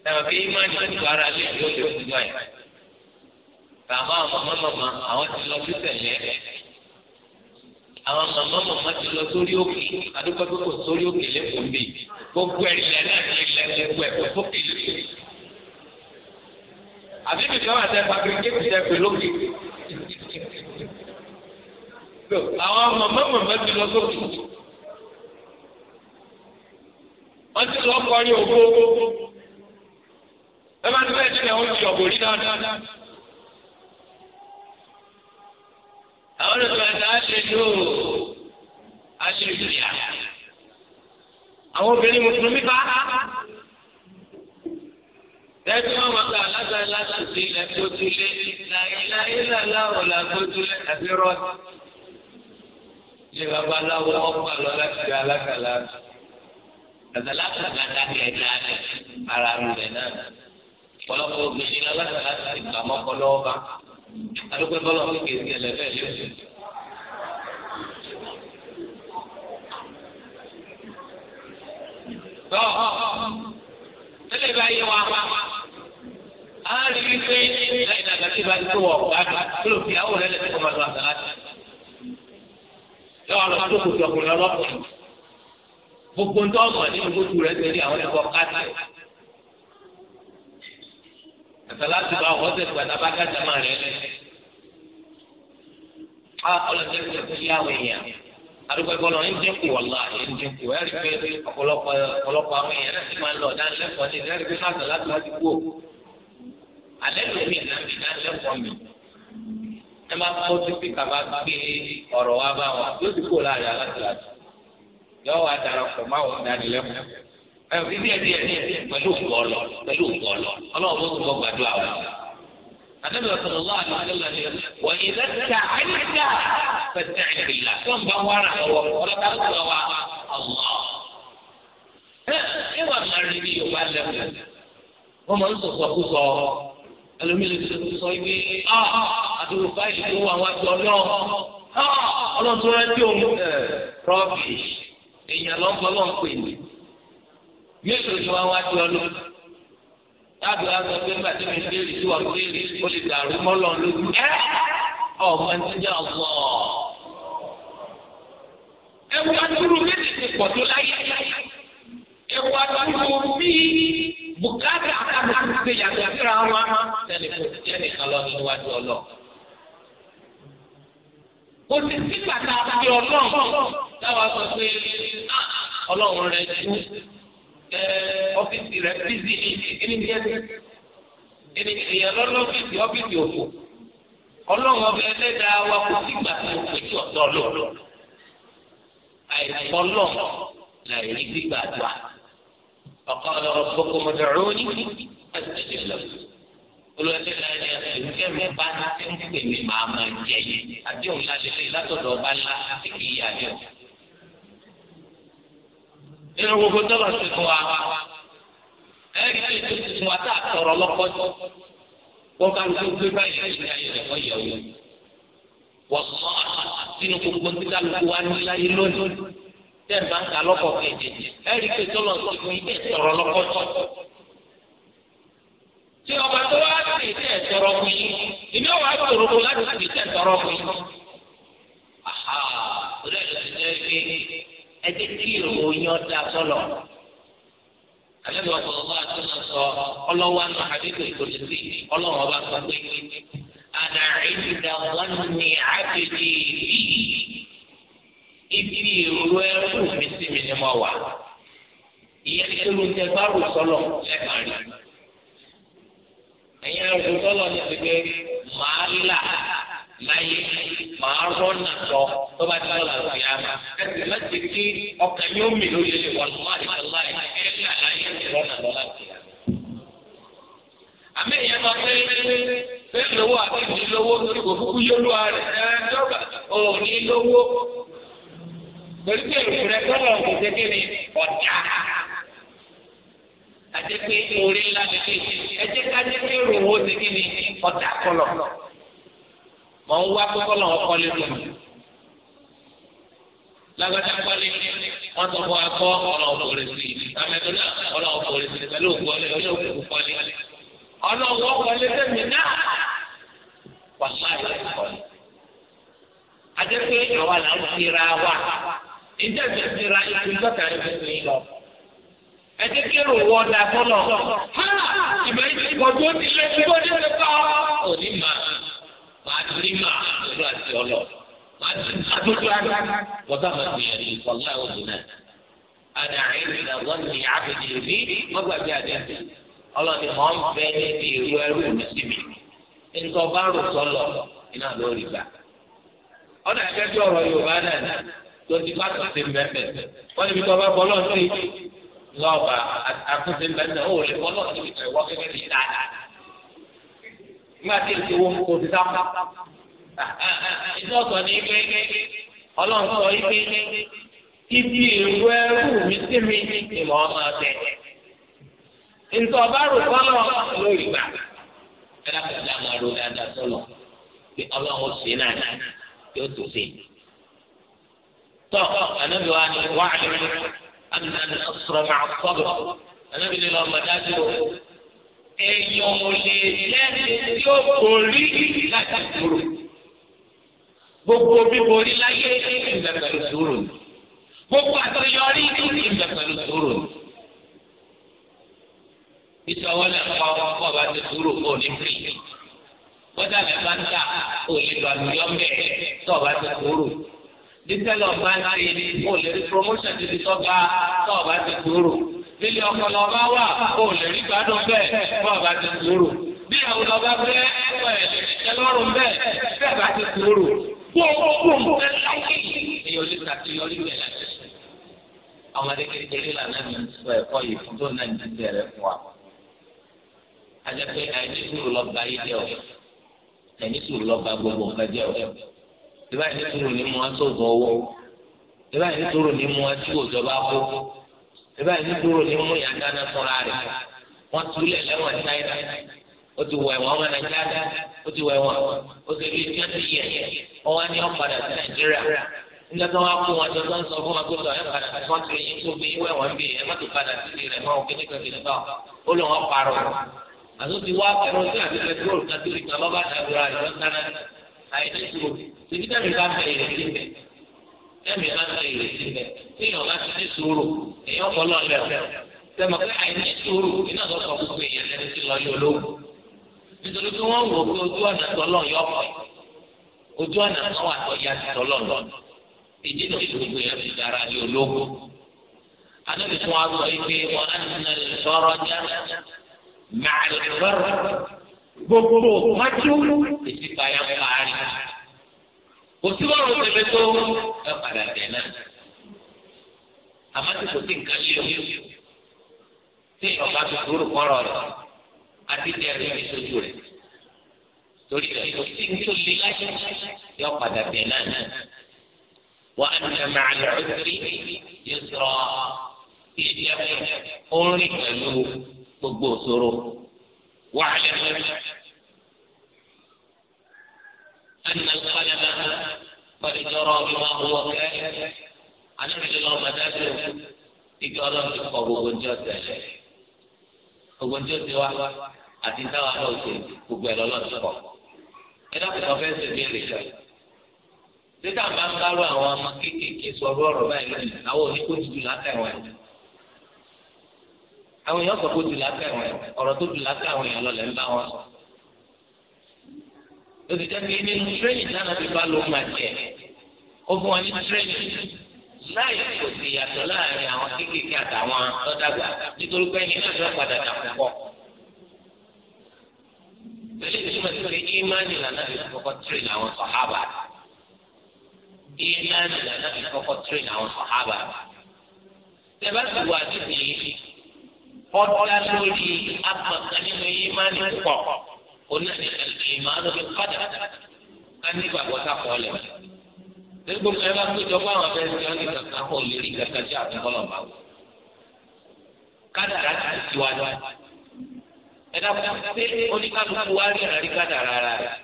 ẹ̀rọ pé ìmánì ti tó ara lé ìlú òjò ìjọ yẹn. kàmá àwọn màmá màmá àwọn ti lọ sí tẹ̀lé àwọn màmá màmá ti lọ sórí òkè àdúgbò tó kò sórí òkè lẹ́kọ̀ọ́ mi gbogbo ẹ̀rìlẹ̀ náà ní ilẹ̀ lẹ́kọ̀ọ́ ẹ̀kọ́ fókè lẹ́kọ̀ọ́. àbí mi kọ́ àtẹ fàgẹ́gẹ́ ti ẹ̀kọ́ lókè. àwọn màmá màmá ti lọ sókè. wọ́n ti lọ kọrin ògbó. ẹ bá ti bẹ́ẹ̀ ti lẹ̀ wọ́n ti ọ̀bọ̀rí dáadáa. àwọn olùgbàdà aṣèjú aṣèjú yà àwọn obìnrin mùsùlùmí bá lẹ́tí wọn máa gbà lágbàá láti ṣe ilẹ̀ tó dúlé láyé láláwọ̀ là tó dúlé àti rọ́ọ̀tì. ilé babaláwo ọgbà lọ láti ṣe alákàlà àtàlákàlà dákẹ́ dáadáa ara rẹ̀ náà ọ̀pọ̀lọpọ̀ obìnrin alákàlà ti gbà mọ́kọ́ lọ́wọ́ bá adúgbò bọ́lá kékeré sí ẹlẹ́fẹ́ lẹ́sìn. tọ́ tẹ́lẹ̀ bá yẹ wá wá á rí i pé lẹ́yìn àgbà tí ìbá tó wọ̀ ọ̀gá tó lò fi àwọn ọ̀rẹ́lẹ̀ tó kọ́ máa lọ àgbà láti. yọ ọ̀rọ̀ tó kù tó kù gbogbo ń tọ́ ọ̀gbọ̀n ní gbogbo rẹ̀ tẹ̀lé àwọn ẹ̀kọ́ káàtì àtàlátì bá wọ́n ṣe gbàdá bá gàdá máa rẹ̀ lẹ́. a ọlọ́dẹ ti kú sí àwọn èèyàn àdúgbò ìbọn náà ń dínkù wọ̀lá ń dínkù ẹ̀rí pé ọ̀pọ̀lọpọ̀ ọ̀pọ̀lọpọ̀ àwọn èèyàn náà ti máa ń lọ dánilẹ́kọ̀ọ́ ní ẹ̀rí pé káàtà láti wá ti kú o. àlẹ́ ló mi náà mi dánilẹ́kọ̀ọ́ mi. ẹ máa kọ́ sí pé kàbá gbé ọ̀rọ̀ wa bá wọn yóò ti kú láàrin alátìláàtì yọ wá darapọ̀ máwọn dánilẹ́kọ̀ọ́ ibi ẹbí ẹbí pẹ̀lú ògbọlọ pẹ̀lú ògbọlọ Ọlọ́run bó gbọ́ gbàdúrà wọn. Àdébí ọ̀sán ọlọ́wà ni wọ́n lọ sí wọ́n yìí lẹ́sẹ̀ àyíká pẹ̀sẹ̀ ìrìlá tó ń bá wàrà lọ́wọ́ ọlọ́ta ló sọ wa ọ̀wọ́. Ẹ wà máa rí bí Yorùbá lẹ́wọ̀n. Wọ́n máa ń sọ̀sọ̀ kú sọ ẹlòmílẹ̀ tó sọ ibi ah, ah, àdúró báyìí tó wà yéésù ni wọn wá di ọlọ tábìlì wa sọ pé bàtí mi léèrè tí wọn léèrè ó lè dàrú mọlọ lójú ẹ ọmọ ẹni jẹ ọgbọ ẹwù adúrú méjì ti pọ̀ tó láyé ẹwù adúrú bíi bùkátà àkàtà ti yàtọ̀ síra wọn sẹni kò sí ẹni kan lọ nínú wájú ọlọ kò sí sí pàtàkì ọlọ́run táwa sọ pé ah, ọlọ́run rẹ jù. Eh, ọ́fíìsì rẹ̀ bízì kíni jẹ́ kíni èèyàn lọ́lọ́fíìsì ọ́fíìsì òfò ọlọ́run ọbẹ̀ ẹlẹ́dàá wa kò sí gbà tó pé kí ọ̀tọ̀ lọ àìsàn lọ láì rí gbígbà gbà ọ̀kọ́ ọ̀rọ̀ gbogbo mọ̀tàrún ní ẹ̀sìn ìlọ́sùn olùwàlẹ́lá ni ẹ̀fẹ́ mi bá ń pè mí màá máa jẹ yìí àdéhùn lálẹ́ látọ̀dọ̀ ọba ńlá àti kìí àdéhùn nínú gbogbo tọ́lọ̀ sí fún wa ẹ̀rí tó ti fún wa tá a tọrọ lọ́kọ́ tó wọ́n ká ló gbé báyìí láti ayé rẹ̀ wọ́n yẹ̀ wò wọ́n sọ sínú gbogbo tí kálukú wa ní láyé lónìí tẹ̀ ń bá ń ta lọ́kọ̀ kejì ẹ̀rí tó tọ́lọ̀ sí fún yín tọrọ lọ́kọ́ tí ọba tó wá sí tẹ̀ tọrọ fún yín ìní ọ̀wá tòrò láti sí tẹ̀ tọrọ fún yín. Aha, ó lè ẹdí tí ìròyìn ọdá sọlọ àbẹ̀bẹ̀ ọ̀pọ̀lọpọ̀ àtúnṣe sọ ọlọ́wọ́ àná àdéhùn ìkòlùsí ọlọ́wọ́ ọba sọ pé àdàrídìdà wọn ni àbèjì bíi ibi ìrò ẹrú mi sí mi ni mo wà ìyẹn ní kéwòn tẹ bá sọlọ lẹ́ẹ̀kan rí ẹ̀yin àrùn sọlọ ní ti pé màá láyé màá rọ́nà lọ tó bá dúró la òkè àmà ẹsẹ̀ má ti kí ọkàn yóò mì lórí ilé wọn lọ́wọ́ àti ọlá ẹ̀ ẹ̀ ní àlàyé ẹ̀ rọ́nà lọ láti àmà. àmì ìyẹn máa pé pé lówó àti ìdílówó lórí òkúkú yóò lọ rẹ ẹ dọ́gba ò ní lówó. torí pé èrò rẹ gbọ́dọ̀ kò ṣe kí ni ọ̀dà àti pé orí ńlá ni kí ẹ jẹ́ ká jẹ́ pé èrò wo ṣe kí ni ọ̀dà kọlọ̀ mọ̀ ń wá pẹ́kọ́ lọ́wọ́ kọ́lé fún mi. lágbàdá kọ́lé wọ́n sọ fún akọ́ ọlọ́wọ́ kọ́lé sí i amẹ́tọ́lá ọlọ́wọ́ kọ́lé sí i pẹ̀lú òkú ọlẹ́ olóòkú kọ́lé. ọlọ́wọ́ kọ́lé sẹ́mi náà wàhálà ìlú kọ́lé. adẹ́pẹ́ àwa là ń fira wa ìjẹ́ ìjẹ́ fira ìtúndọ́ta ìfẹ́ ẹ jẹ́ kí èrò wọ ọdà fọlọ. ìmọ̀ ìdí ìkọ̀jú ó ti lé tí ó dé ti kọ́. òní máa wàá torí mà pẹ̀lú àti ọlọ wàá ti adójú ara wọ́tá máa gbìyànjú ìfọ̀lá òdùn náà. Ada ìrìnà wọ́n ní àbẹ̀dì rí mọ́gbàgbé àdéhùn. Ọlọ́ni mọ̀ ń bẹ níbi ìlú ẹrú mi sí mi. Nǹkan bá rò sọ́lọ̀ iná ló rí gbà. Ọ̀dà ìgbẹ́jọ́ ọ̀rọ̀ Yorùbá náà tó ti bá tó ti mẹ́mẹ́. Wọ́n níbi tó bá bọ́ lọ́ọ̀ lọ́ọ̀bà àtúnṣe mẹ́mẹ́ ó bọ́ lọ́ọ̀ sí ìtẹ̀wọ́ nígbà tí èsì owó kò ti sáfù. ìtọ́sọ̀ ní pé ọlọ́run sọ ipe ibi ìlú ẹrú mi sí mi ìmọ̀ ọmọ ọ̀tẹ̀. ntọ́ bá rò kọ́lọ̀ lórí gbà. ẹ dákẹ́ ìdá máa ro dáadáa sọ̀lọ̀ pé ọlọ́run sì náà yóò tó sí. tọ́ ànábi wa ni wàá ní àmì àmì ọ̀sọ̀rọ̀ màá sọ̀rọ̀ ànábi ni lọ́ọ́ mọ̀ dájú o èèyàn ò lè jẹ́ tí ó borí láti dúró. Gbogbo bíborí láyé ìgbà pẹ̀lú sùúrù ni. Gbogbo àtọyọrí ìgbà pẹ̀lú sùúrù ni. Ìtọ́wọ́ lẹ̀ pa ọmọ ọkọ̀ bá ti sùúrù kó ní fìlì. Bọ́dà lẹ̀ bá ń tà ò lè lọ àlùyọ́ mẹ́ẹ̀ tọ́ bá ti sùúrù. Dísẹ́lọ̀ bá ń ṣe kò lè promotion ti fi tọ́ bá tọ́ bá ti sùúrù lílé ọkọ lọ bá wà ó lè rí gbádùn bẹ́ẹ̀ bọ́ọ̀ bá ti sùúrù bí àwọn lọ bá fẹ́ ẹ̀kọ́ ẹ̀ lè jẹ lọ́rùn bẹ́ẹ̀ bẹ́ẹ̀ bá ti sùúrù kó o kó o fẹ́ láyé èyí ò lè tàbí yọrí rẹ̀ láti sùn. àwọn adékèké lànà mi sọ ẹ̀kọ́ yìí fún tó náà ní bẹ̀rẹ̀ fún wa. ajẹ́pẹ́ àìní sùúrù lọ bá yí jẹ́ o sùúrù lọ gbogbo nǹkan jẹ́ o. ìbáyìí ní sùúrù ní mu aṣọ síbẹ̀ ní dúró ní mú yàtọ̀ náà fúnra rẹ̀ wọ́n túlẹ̀ lẹ́wọ̀n China ó ti wọ ẹ̀wọ̀n ọmọ Nàìjíríà ó ti wọ ẹ̀wọ̀n ó ti fi twenty years wọ́n wá ní ọ̀padà sí Nàìjíríà nígbà tí wọ́n á kó wọn jọ tó ń sọ fún wọn pé lọ́ọ̀ ẹ̀ padà sí kọ́ńtì yín tó bí wẹ̀wọ̀n bí ẹ̀ mọ́tò padà sí ilé rẹ̀ mọ́ òkè nígbà tí ó lọ́ wọn parọ́ àti ó ti wá pẹ̀lú sí àti pẹ̀trol kátólì kan lọ́ba àdàbíra ìlọ́sánná àìdẹ́sùn tìbítẹ́mì bá bẹ̀rẹ̀ sí bẹ̀rẹ̀ lẹ́mìí bá ń lọ ìrètí bẹ̀ tí èèyàn bá ti ní sùúrù èèyàn kọ́ lọ lẹ̀ tẹmọ pé àìní sùúrù iná tó sọ fún èèyàn lẹni tí lọ yọ lówó nítorí pé wọ́n wò pé ojú ọ̀nà tọ́lọ̀ yọ ọ̀pọ̀ ojú ọ̀nà kan wà tọ́ ya ti tọ́lọ̀ lọ ìdí náà gbogbo èèyàn ti dára lé olówó anábì fún wa sọ pé wọn á nà sọ̀rọ̀ já màálùbárò gbogbo májú ìsìpáyà pààrin kò sí wọn ò tẹ̀lé tó ẹ padà tẹ̀ náà àmọ́ tí kò sí nǹkan ṣe tí ọba tó dúró kọ́rọ̀ rẹ̀ àti dẹ́rẹ́ rẹ̀ sójú rẹ̀ torí rẹ̀ kò sí nítorí láyé yọ padà tẹ̀ náà wà á nà máa lọ sí yóò sọ ìdí ẹ̀fọ́ orin pẹ̀lú gbogbo òṣòro wà á lẹ́nu. أن القلم قد جرى بما هو كائن عن الله مدافع إكرام تقوى وجود ذلك وجود واحد àti táwa náà ṣe gbogbo ẹ̀ lọ́lọ́dún kọ́. ẹ dákun kan fẹ́ ṣe béèrè máa ń kárò àwọn ọmọ kéékèèké sọ̀rọ̀ ọ̀rọ̀ báyìí lónìí àwọn oníkóòtù jù látẹ̀wọ̀n ẹ̀. àwọn èèyàn sọ kóòtù látẹ̀wọ̀n ẹ̀ ọ̀rọ̀ tó jù látẹ̀wọ̀n èèyàn lọ́lẹ̀ ń bá wọn sọ lórí jẹ́bi nínú tírẹ́nì náà nàbí bá ló máa jẹ ó fún wọn ní tírẹ́nì láì kò sí ìyàtọ̀ láàrin àwọn kéékèèké àtàwọn tọ́dàgbà nítorí pé ẹni náà fẹ́ padà dà púpọ̀. pẹ̀lú ìtumọ̀ sí pé ìmánì lànà fi kọ́kọ́ tírẹ́nì àwọn sọ̀hábà ìmánì lànà fi kọ́kọ́ tírẹ́nì àwọn sọ̀hábà. tẹ̀bá ti wà nídìí ọ̀dọ́ lórí apàkan nínú ìmánì púpọ̀ onáni ìmánu bí padà ká ní gbàgbọ́ sáfọ́ lẹ̀. Nígbà tí wọ́n bá péjọ bá àwọn abẹ́rẹ́ tí wọ́n ní kankan kó lè rí kankan tí àbí bọ́lọ̀ bá wò. Kádàrá ti ti wá lọ. Ẹ dákun pé oníkálukú wá rí ìrànlí kádàrá ara rẹ̀.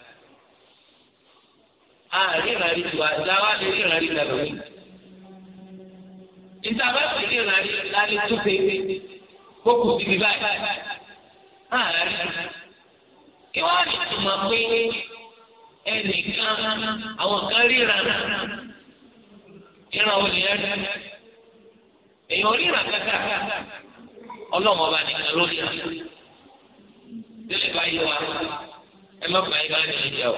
A rí ìrànlí tiwa, dáwà lè rí ìrànlí tàbí. Ìta bá sì rí ìrànlí lálẹ́ tó pé kókò bíbí báyìí. A ìrànlí kí wọ́n á lè túmọ̀ pé ẹnìkan àwọn kan ríra ìran olùyẹn èèyàn ríra kankan ọlọ́run ọba nìkan ló ríra délé bá yí wa ẹ má bàa yí wa ní ìjẹ o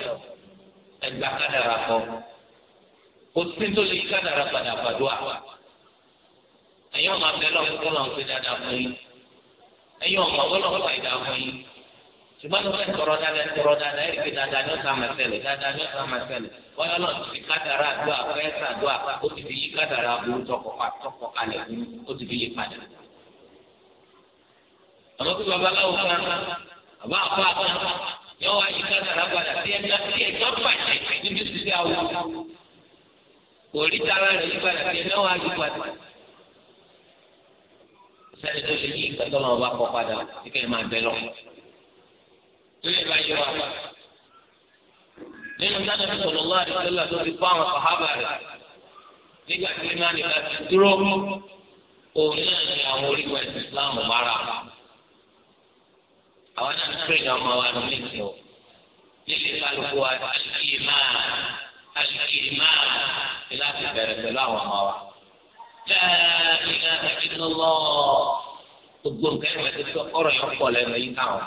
ẹgbà kádàrà kọ kò sí tó lè yí kádàrà padà fàdúà ẹ̀yin ọmọ abẹ́lẹ́ ọ̀hún kọ́ lọ́n ṣe dáadáa fún yín ẹ̀yin ọmọ ọwọ́ lọ́n fà ìdá fún yín ṣùgbọ́n tó fẹ́ tọrọ dáadáa tọrọ dáadáa ẹ̀rí pé dáadáa ni ó sá máa ṣẹlẹ̀ dáadáa ni ó sá máa ṣẹlẹ̀ wọ́n lọ ti fi kádàrá àdúrà fẹ́ sàdúrà ó ti fi yí kádàrá aburú tọkọ kalẹ̀ fún ó ti fi yí padà. àmọ́ kí babaláwo kan àbá àpá kan yóò wá yí kádàrá padà sí ẹja sí ẹjọ́ bàjẹ́ níbi ìsìlẹ̀ awo kò rí tara rẹ̀ yí padà sí ẹjọ́ wá yí padà. sẹ́ni tó ṣe yí ìgbàdàn lórí ìbá yọ wa nínú dáná tó sọ̀rọ̀ lọ́wọ́ àdìsẹ́lá tó ti kọ́ àwọn sàhábà rẹ̀ nígbà tí ní máa nìkan ti dúró òun náà ní àwọn orígun ẹ̀sìn Islam mara àwọn náà ń pè ní ọmọ wa ní ìsìn o nílé kálukú wa alìkìí máa alìkìí máa ní láti bẹ̀rẹ̀ pẹ̀lú àwọn ọmọ wa. láàrin àti ìnáwó gbogbo nǹkan ẹ̀rọ ẹ̀sìn ọ̀rọ̀ yẹn pọ̀ lẹ́nu yìí káwọn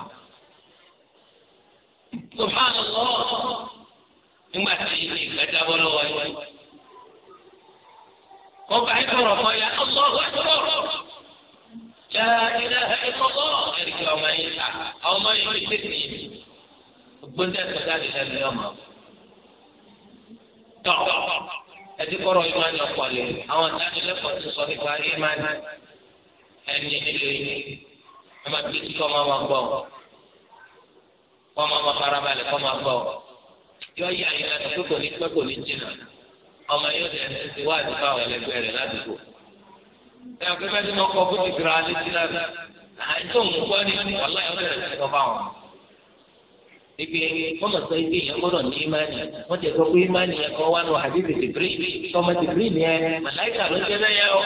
subhanallah nígbà tí ìgbà jábọ́ lọ́wọ́ yìí kọ́ bá yín sọ̀rọ̀ fún ya ọlọ́wọ́ sọ̀rọ̀ yà ilẹ̀ ẹ̀kọ́ ẹ̀rìkì ọmọ yìí ta ọmọ yìí ti tètè yìí gbọ́dọ̀ ẹ̀sọ́ jáde lẹ́nu ọmọ tọ́ ẹtí kọ́rọ̀ yìí máa ń lọ pọ̀lẹ̀ àwọn ìdánilẹ́kọ̀ọ́ ti sọ nípa yìí máa ń ẹni nílé yìí ẹ máa gbé tí kọ́ máa máa gbọ́ kọ́ máa ma farabalẹ̀ kọ́ máa gbọ́ yọ ya yẹn lẹ́nu pé kò ní pẹ́ kò ní jìnnà ọmọ yóò di ẹni tí wà ní fáwọn ẹlẹgbẹ́ rẹ̀ ládùúgbò. ẹ ò pẹ́pẹ́ tí mo kọ́ fún ìgbìrà alẹ́ sí náà àìsàn òun gbọ́ ní ọ̀la yóò bẹ̀rẹ̀ sí ọba wọn. ibi wọn mọ̀ sọ ibi yẹn gbọ́dọ̀ ní imáni wọ́n ti sọ pé imáni yẹn kọ́ wá nù àdébìtì bírí tọmọ ti bírí ni ẹ màláìkà ló jẹ́ bẹ́yẹ ọ́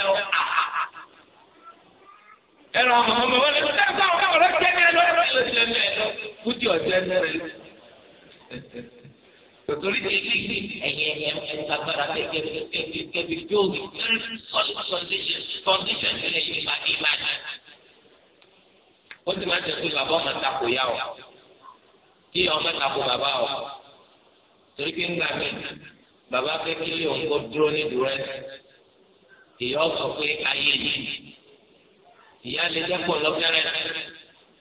ẹ̀rọ ọmọ ọmọ wọlé kó dáhùn sáwọn káwọn ọ̀rọ̀ tẹ́ ẹ̀rọ ẹ̀rọ ẹ̀rọ ti lẹ́nu ẹ̀rọ kúti ọ̀tí ẹ̀rọ ẹ̀rọ torí ti ẹ̀yẹ ẹ̀yẹ ẹ̀ńtàgbára kẹ̀kẹ́ bí jóògì very solid condition condition ẹ̀yẹ ìbàdí ìbàdí. ó ti máa ń tẹ̀sí bàbá ọmọ tako yá o kí ọmọ tako bàbá o torí pé ńgbà mi bàbá fẹ́ kí ilé òun kó dúró ní dúró ẹ̀ ìyá ọ̀sọ̀ pé ayé yìí ìyá lè dẹ́pọ̀ lọ́gẹ́rẹ́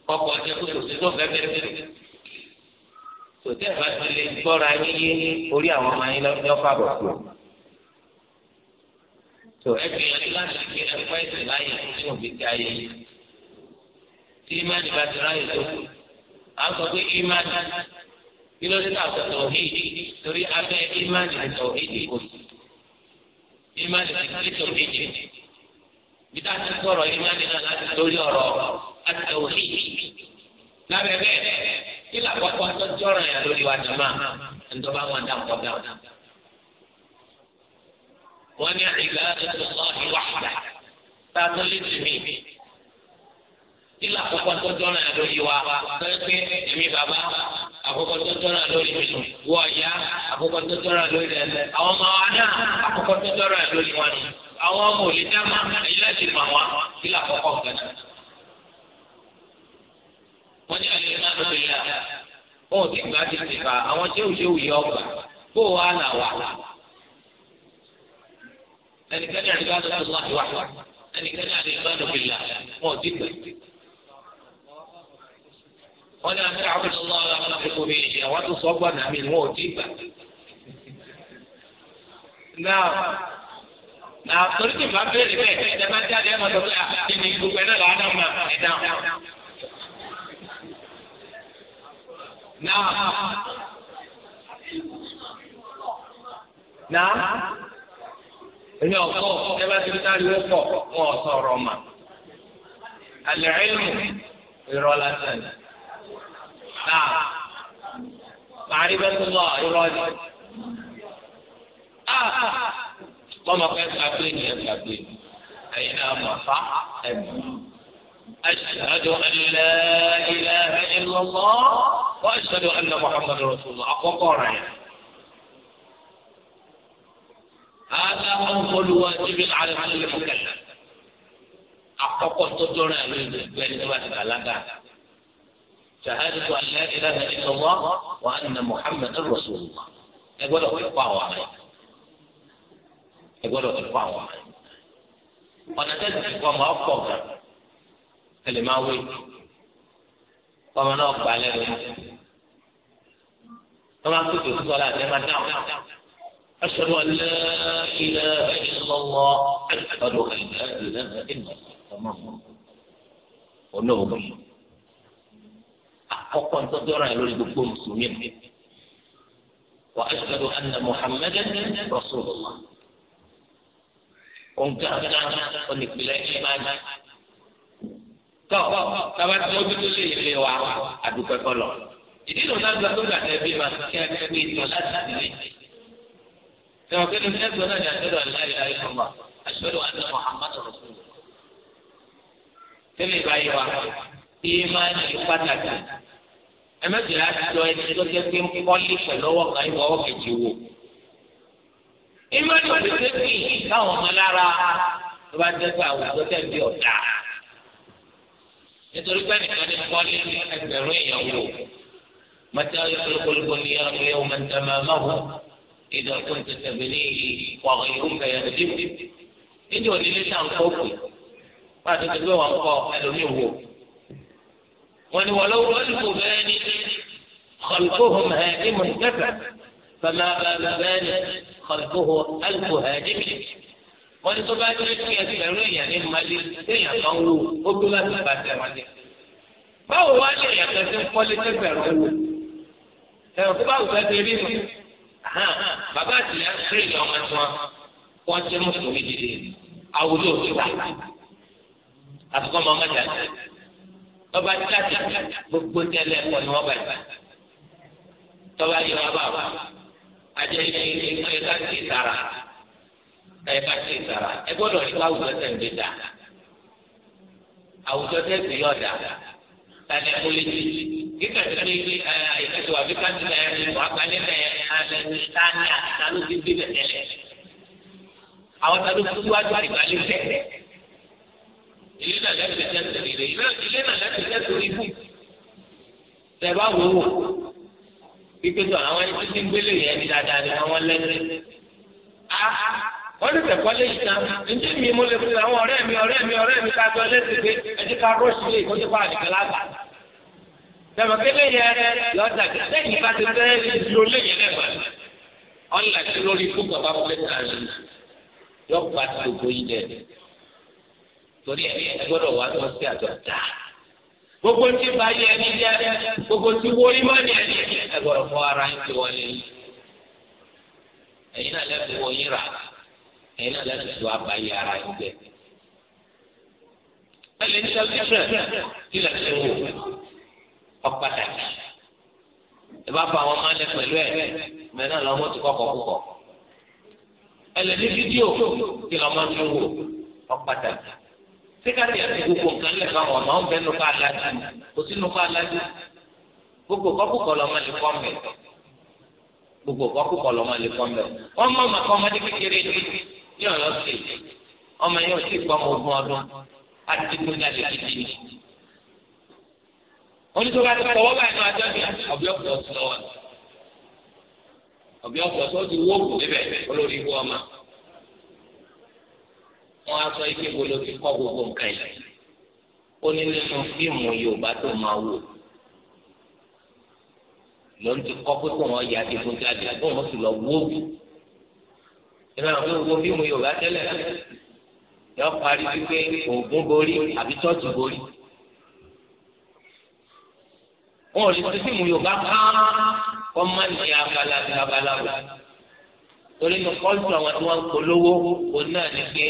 kọ́kọ́ ọjọ́ kó tòṣì tó fẹ́ bẹ́ẹ̀ tòtẹ́ bá ti lè gbọ́ra yíyé orí àwọn ọmọ yín lọ́fà bọ̀ tó. tó ẹ gbìyànjú láti kí ẹ fọ́ ẹsẹ̀ láyè fún òbítí ayé yìí. tí imáàdì bá ti ráyè tó kù á sọ pé imáàdì kí ló dé náà sọ̀tọ̀ òhìdì torí abẹ́ imáàdì sọ̀tọ̀ òhìdì kò sí. imáàdì ti kí tó kéde bíta ti sọ̀rọ̀ ìmánì náà láti lórí ọ̀rọ̀ láti lọ́wọ́ ní ìdí. lábẹ́ bẹ́ẹ̀ kí làkọ́kọ́ tó jọ̀rọ̀ yẹn lórí wa jọ máa ẹ̀ńtọ́ bá wọn dáhùn kọ́dá. wọ́n ní àìgbà ètò ọ̀hún ìwà padà tá a tó lé tì mí. kí làkọ́kọ́ tó jọ̀rọ̀ yẹn lórí wa tó pé èmi bàbá àkọ́kọ́ tó jọ̀rọ̀ yẹn lórí mi wọ̀ ọ̀yá àkọ́kọ́ tó jọ̀rọ̀ yẹn yẹn lórí àwọn ọmọ ò lè dá má láti mọ̀ wá kí là kọ́kọ́ wọ́n ní àlè náà lórí ilà wọn ti gbà ti ti fà àwọn tí òjò òye ọgbà kó o wá là wà. ẹnikẹ́ni àti wà ẹnikẹ́ni àti ti gbà. wọ́n ní àti náà torí tí bá béèrè bẹ́ẹ̀ ẹ máa jáde ẹ máa sọ pé à ìní gbogbo ẹ náà làwọn náà máa ẹ dáhùn. náà náà èmi ọ̀kọ́ ẹ bá ti dá lé pọ̀ wọn ò sọ̀rọ̀ mà. àlẹ́ ìlú ìrọ̀ lásán. náà màrí bẹ́ẹ̀ tó lọ ìrọ̀ ni. tọ́lọ́ fẹ́ pé ni ẹ pé ẹ̀yin náà mọ̀ fá ẹ̀mí. ẹlẹ́ ẹ̀ mọ̀. أشهد أن لا إله إلا الله وأشهد أن محمد رسول الله wa هذا أول واجب lè كل مكلف àkọ́kọ́ tó dọrọ ẹlò ìgbẹ ní wà ní alága shahadatu an la ilaha illallah wa anna muhammadan rasulullah ẹ gbọ́dọ̀ pípa wà rẹ ẹ gbọ́dọ̀ ti kọ́ àwọn ọmọ yìí ọ̀nà tẹ́sí ti kọ́ ọmọ ọkọ̀ ọ̀gá ẹ lè máa wé ọmọ náà gbà lẹ́nu wọ́n máa tó tòṣù sọ́lá àti ẹ máa dáhùn أشهد أن لا إله إلا الله أشهد أن لا إله إلا الله olóògùn àkọ́kọ́ ntọ́jọ́ra ẹ̀ lórí gbogbo mùsùlùmí wa ashhadu anna muhammadan rasulullah. òǹkà onípìlẹ̀ ìmáàmì. tọ́ tàbá tí mo dúró lè lè wa àdúpẹ́ kọlọ̀. ìdí ìlú náà gba tó gbà tẹ́ bí ma kí ẹ fi ìtọ́ láti sílẹ̀. tẹ̀wọ́ kí ni ẹgbẹ́ náà ní àṣẹ́dọ̀ aláì láì kọ́mà àṣẹ́dọ̀ àti Muhammad rasulù. tẹ́lẹ̀ ìbáyé wa ìmáàmì pàtàkì ẹ̀mẹ́tìlá ti sọ ẹni tó jẹ́ pé ń kọ́lé pẹ̀lú ọwọ́ kan ìwọ̀ ọwọ́ kejì wò ìmọ̀lẹ́ òṣèlú fi káwọn ọmọ lára tó bá jẹ́ pé àwùjọ tẹ̀lé ọ̀dà nítorí pé nìkan ní kọ́lé ẹgbẹ̀rún èèyàn wò mọ́tẹ́ olùkọ́lùkọ́ ní ọmọ yẹn wọ́n tẹ̀ máa máa wọ̀ ìdọ̀ tó ń tẹ̀tẹ̀ bí ní ìwọ̀n ìhùn bẹ̀rẹ̀ lójú níjẹ́ òní ní sáà ń kọ́ òkè tẹ̀lé wọn kọ́ ẹlòmíì wò wọ́n ni wọ́n lọ́wọ́ olùkọ́ فما أبى ذلك خلفه ألف هادم wọ́n ní tó bá dé fún ẹgbẹ̀rún èèyàn ní malé téèyàn kan wò ó tó láti bá tẹ̀ wọ́n dé. báwo wá ní èèyàn kan ṣe ń kọ́lé tẹ́gbẹ̀rún wò ẹ̀rọ tó báwo fẹ́ ti rí mi bàbá àtìyá ṣe ìyá ọmọ tí wọn wọ́n jẹ́ mùsùlùmí dìde àwùjọ òkè wà àfikún ọmọ ọmọdé àti ọba jáde gbogbo tẹ́lẹ̀ ẹ̀kọ́ ni wọ́n bá yẹ tọ́ba yẹ wọn bá wà ajẹ́ ilé ilé ẹ̀ka sí ìtara ẹ̀ka sí ìtara ẹ gbọ́dọ̀ nípa àwùjọ tẹ̀ ń gbé dà àwùjọ tẹ̀ sí ọ̀dà tani ẹ̀ múlẹ̀ jì kíkà sí ní ilé ẹ̀ka sí wà bí ká nílẹ̀ ẹ̀ wà ká nílẹ̀ ẹ̀ tani àtàlù ti gbé bẹ̀tẹ̀ lẹ̀ àwọn tàbí kúkú wájú àgbàlẹ̀ tẹ̀ ilé náà lẹ́sẹ̀ tẹ̀ sórí rẹ̀ ilé náà lẹ́sẹ̀ tẹ̀ ibú tẹ̀ bá wò ó ike tó àwọn ẹni títí ń gbélé yẹn ní dáadáa ni àwọn lẹ́sẹ̀. Ah, ah, wọ́n lè fẹ̀kọ́ lé yìí tán ǹjẹ́ mi mo lè fi àwọn ọ̀rẹ́ mi ọ̀rẹ́ mi ọ̀rẹ́ mi kájọ lẹ́sẹ̀ pé ẹjẹ́ ká rọ́ọ̀ṣì lè kó tó bá àdìgbà lágbà. tẹ̀mọ̀kélé yẹn lọ́dà lẹ́yìn bá ti fẹ́ lo lẹ́yìn lẹ́gbà ọ̀là tí lórí fún bàbá fúlẹ̀ tààrí gbogbo tí ba yẹ ẹni jẹ gbogbo tí wọlé má ní ẹni ẹ gbọ́dọ̀ fọ ara yín ti wọlé yìí ẹ̀yin náà lẹbi wọ yín rà ẹ̀yin náà lẹbi tó aba yẹ ara yín jẹ ẹlẹ ní sábẹ fẹ kí lè ṣe wò ọpàtàkì ẹ bá fa àwọn ọmọdé pẹ̀lú ẹ mẹ náà lọ mọtò kọkọ púpọ̀ ẹlẹ ní fídíò kí lọ máa ń wò ọpàtàkì síkàtì àti gbogbo nǹkan lè fa ọ̀nà ọ̀bẹ nù ká alájú kò sí nù ká alájú gbogbo kọ́kùkọ̀ lọ́mọ lè kọ́ mẹ́ gbogbo kọ́kùkọ̀ lọ́mọ lè kọ́ mẹ́ wọ́n mọ̀ màkà ọmọdé kékeré ní ní ọ̀yọ́ sí ọmọ yẹn ò sì gbọ́ ọmọ ogún ọdún adigun ní alẹ́ gidi ni oníṣòwò àti ọwọ́ báyìí ní ọjọ́ mi ọ̀bí ọ̀pọ̀ ọ̀sùn ọ̀bí ọ̀pọ̀ ọ̀sùn ti wó wọn á sọ ike wo ló ti kọ́ gbogbo nǹkan yìí ó ní nínú fíìmù Yorùbá tó máa wò ló ń ti kọ́ pé kó wọn yà adigun jáde kó wọn sì lọ wó bù ìlànà àwọn gbogbo fíìmù Yorùbá tẹ́lẹ̀ yọ parí wípé Ògún borí àbí tọ́jú borí wọn ò lè ti fíìmù Yorùbá ká kọ́ má ní abala abala wò torí ní kọ́ńtù àwọn tí wọ́n ń polówó òun náà ní pé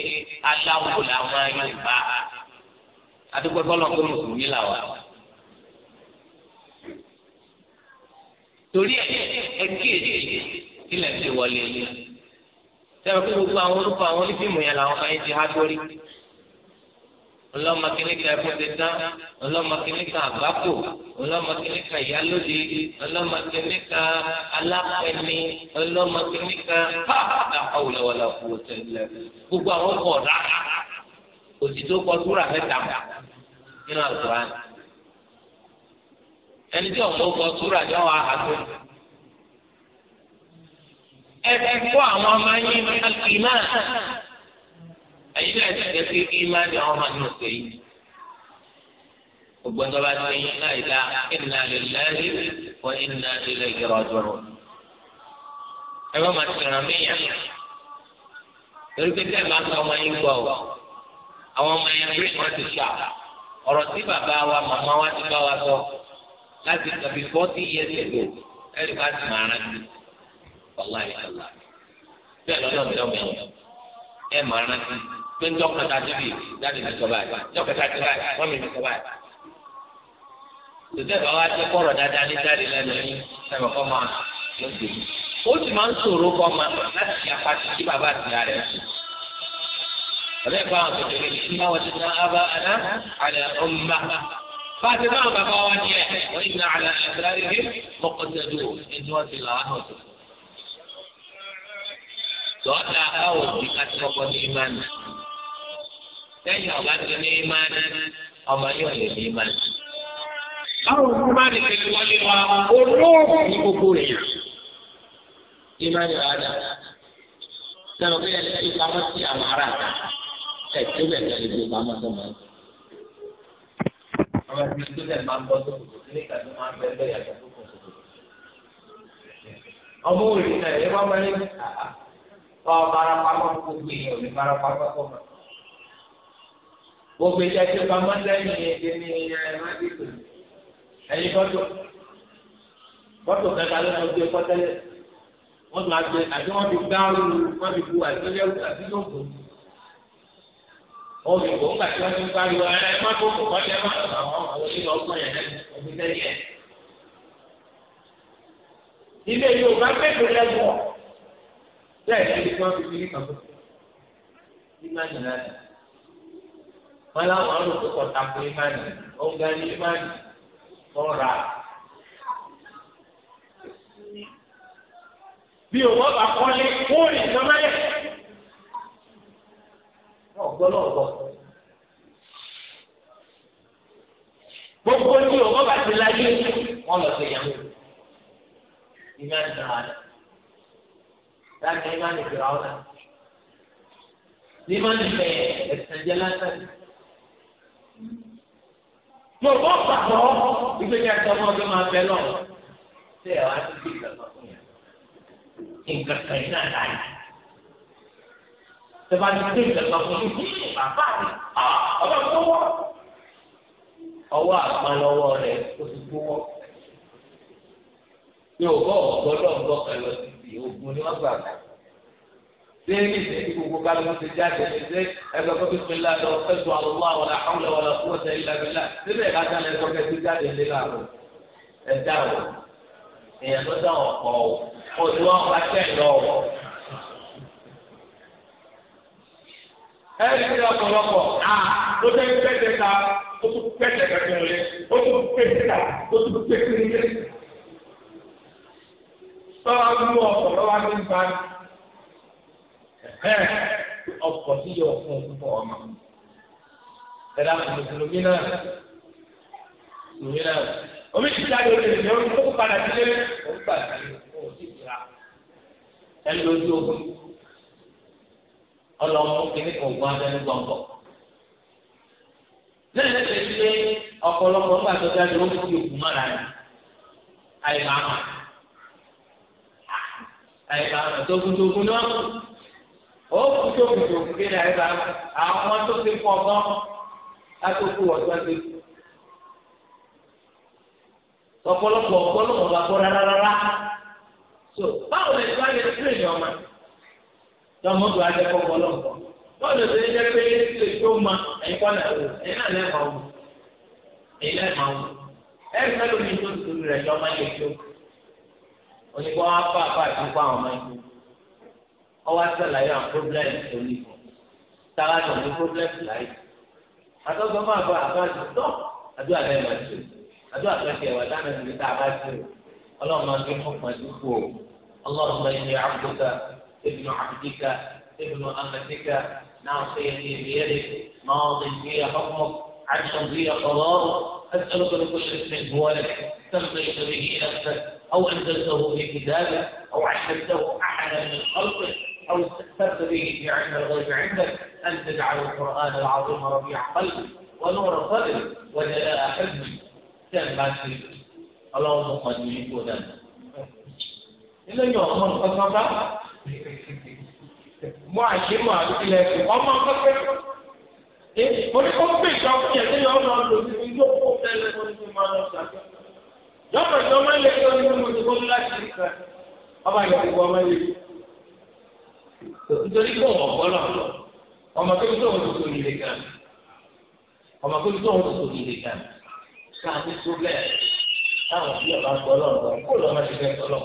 aláwo làwọn Yorùbá adúgbò tọ́lọ̀ pé mùsùlùmí làwọn. torí ẹ kéèké ilẹ̀ ti wọlé yìí sẹ́wọ́n pé gbogbo àwọn orúkọ àwọn onífíìmù yẹn làwọn kan yẹn ti há sórí ọlọ́mọ kìnìkan ẹ̀fọ́dẹ́dá ọlọ́mọ kìnìkan àgbákò ọlọ́mọ kìnìkan ìyálóde ọlọ́mọ kìnìkan alápẹ̀mí ọlọ́mọ kìnìkan àwòlọ́wọ́lá kú tẹ̀lé gbogbo àwọn kọ̀ rárá òtítọ́ kọ súra mẹ́ta nínú àlùkòrán ẹni tí ọ̀pọ̀ kọ súra yọ wà á tó ẹ̀fọ́ àwọn ọmọ yín alùpùpù náà ẹ̀yin náà ti jẹ́ pé kí má ní ọmọ náà pé yìí. gbogbo ńlọba tó yín náà ìlà inna lillahi wa inna ilayhi raji'un. ẹ bá máa tẹ̀ràn míyàn. torí pé tẹ́ ẹ bá ń tọ́ ọmọ yín gbọ́ ọ àwọn ọmọ yẹn bí wọ́n ti sà ọ̀rọ̀ tí bàbá wa màmá wa ti bá wa sọ láti tàbí fọ́tí yẹn ti lò ẹ̀rí bá ti máa rántí. wàláyé àlá bẹ́ẹ̀ lọ́dọ̀ mi ọmọ ẹ̀ máa rántí pé njọ́ kẹta débi jáde ní sọ́ba yìí njọ́ kẹta débi wọ́n mi ní sọ́ba yìí. tòtẹ́ bàbá ti kọ̀rọ̀ dáadáa ní jáde lẹ́nu yín sẹ́mi kọ́ máa ló dé. ó sì máa ń sọ̀rọ̀ kọ́ máa láti ṣe apáti kí bàbá àti ìyá rẹ̀ sùn. ọ̀rẹ́ ìfọ̀ àwọn kékeré ní ìyá wọn ti ná abá aná àlẹ́ ọ̀mà. bá a ti bá àwọn bàbá wa ní ẹ̀ wọ́n yìí náà àlẹ́ àdáyé mọ́kàndínlógún lẹ́yìn ọ̀gá tó ní ìmáàdì ọmọ yóò lè ní ìmáàdì. báwo ni ìmáàdì ti lè wọlé wa olóògùn ní gbogbo rẹ̀ yàn. ìmáàdì wa dà sọ̀rọ̀ bí ẹni tí pamọ́ sí àwọn ará ẹ̀ tó bẹ̀ ní ẹni tó pamọ́ tó máa ń sọ. tó bẹ̀ máa ń bọ́ sókòtò ní ìkàtí máa ń bẹ lẹ́yà tó ọmọ òrìṣà ẹ̀ wọ́n máa ń ní ọ̀ọ́ farapamọ́ gbogbo èèyàn ò ní gbogbo ìjà tí pamọ́ lẹ́yìn èdè ní ìyá ẹ̀ má dìbò ẹ̀yin fọ́tò fọ́tò kẹta ló ń gbé kọ́tẹ́lẹ̀ wọ́n tún àgbẹ̀ àti wọ́n fi gbá ooru wọ́n fi bu àtúnyẹ̀ àti lóògùn wọ́n fi gbòǹgbà tí wọ́n ti ń pariwo ẹ̀ má tó kò kọ́tẹ́ má àwọn àwọn ilé ọgbọ́n yẹn ọdún tẹ́lẹ̀ yẹn. ilé Yorùbá pẹ̀lú lẹ́gbọ̀ọ́ lẹ́yìn tí wọ́n fi fi ní wọn láwọn olùkọ́ kọ̀tàkùn ìmánì ọ̀gá ní ìmánì ọ̀rà. bí òwò bá kọ́lé kóòlì ìjọmọ́lẹ̀ wọn gbọ́ náà gbọ́. gbogbo ní òwò bá ti láyé wọn lọ sí ìyàwó ìmánì náà láti ìmánì ìgbéra ọ̀la. ìmánì fẹ̀ ẹ̀sìn jẹ́ lásán. Yorùbá gbàgbọ́ ìgbésẹ̀ àtọmọ ọdún máa bẹ lọ. Ṣé ẹ̀ wá sí ìgbésẹ̀ ìgbàgbọ́ fún yàrá? Nǹkan kan iná láyé. Tẹ̀bá ti gbé ìgbàgbọ́ fún mi. Bàbá mi, ọ̀dọ́ tó wọ́. Ọwọ́ àpalọ́wọ́ rẹ̀ ó ti gbówọ́. Yorùbá ọ̀gbọ́dọ̀ gbọ́ pẹ̀lú ogun ni wọ́n gbàgbọ́. سيري سيري وقال موسى جاد سيري أبقى بسم الله لو قلت على الله ولا حول ولا قوة إلا بالله سيري غدا لأبقى سجاد لله الدعوة هي تدعوة قوة قدوة وكأن قوة ẹni tí a kọlọ kọ a ó tẹ pẹtẹ ta ó tún pẹtẹ kẹkẹ lé ó tún pẹtẹ ta ó tún pẹtẹ lé tọ́wọ́ mú ọ̀pọ̀ lọ́wọ́ á ti ń Eh, ọkọ̀ tí yọ fún òkú fún ọmọ ẹ̀dá mùsùlùmí náà mùsùlùmí náà omi ti jáde olè ní orí tó padà sílé òun gbà sí òun sì jìra ẹni lójú ogun ọlọmọ kìíní kan gbọ́n abẹ́nu gbọ̀ngàn lẹ́yìn lẹ́sẹ̀ sílé ọ̀pọ̀lọpọ̀ ńgbà tó jáde ó fi òkun mọ́ra rẹ̀ àyè máa mà àyè máa mà tó gbogbo ogun náà. ó kú tó kù tó kú kéde àyíká àwọn tó ti fọ ọgbọ́n látòkù ọ̀gbọ́n ti kú. bá so báwo lè tó ayé tó èèyàn ma lọ́mọdún ajẹ́ kọ́kọ́ lọ́kọ́ báwo pé lè tó ma kọ́ náà náà náà tó tó onígbọ́n apá apá ọwọ́ àtàlàyé àwọn problem tó ní fún tára náà ní problem pọ́blẹ́mù láyé àtọ́gbọ́n máa bọ àbájú tó àdúrà lẹ́yìn máa tó àdúrà tó ti ẹ̀wà dáná ìlú tá a bá tó ọlọ́run máa ń gbé fún pàdé kú o ọlọ́run máa ń yẹ àbúkà ابن عبدك ابن أمتك ناصية بيدك ماض في حكمك عدل في قضاءك أسألك بكل اسم هو لك تمضيت به نفسك أو أنزلته في كتابك أو علمته أحدا من خلقك أو استكثرت به في علم الغيب عندك أن تجعل القرآن العظيم ربيع قلبي ونور صدري وجلاء حلمي كان ماشي اللهم قد يجيب ودانا إلا يوم من قصد ما عشي ما عشي لك وما قصد ولكن في شخص يقول لك ان يكون هناك من يكون هناك من يكون هناك من يكون هناك من يكون هناك nítorí pé òun ọ̀gbọ́lọ̀ ọmọ tó tó òun tó nílé gan ọmọ tó tó òun tó nílé gan káà ní tó bẹ́ẹ̀ táwọn tí ọba gbọ́lọ̀ lọ kó lọ́ máa ti fẹ́ gbọ́lọ̀.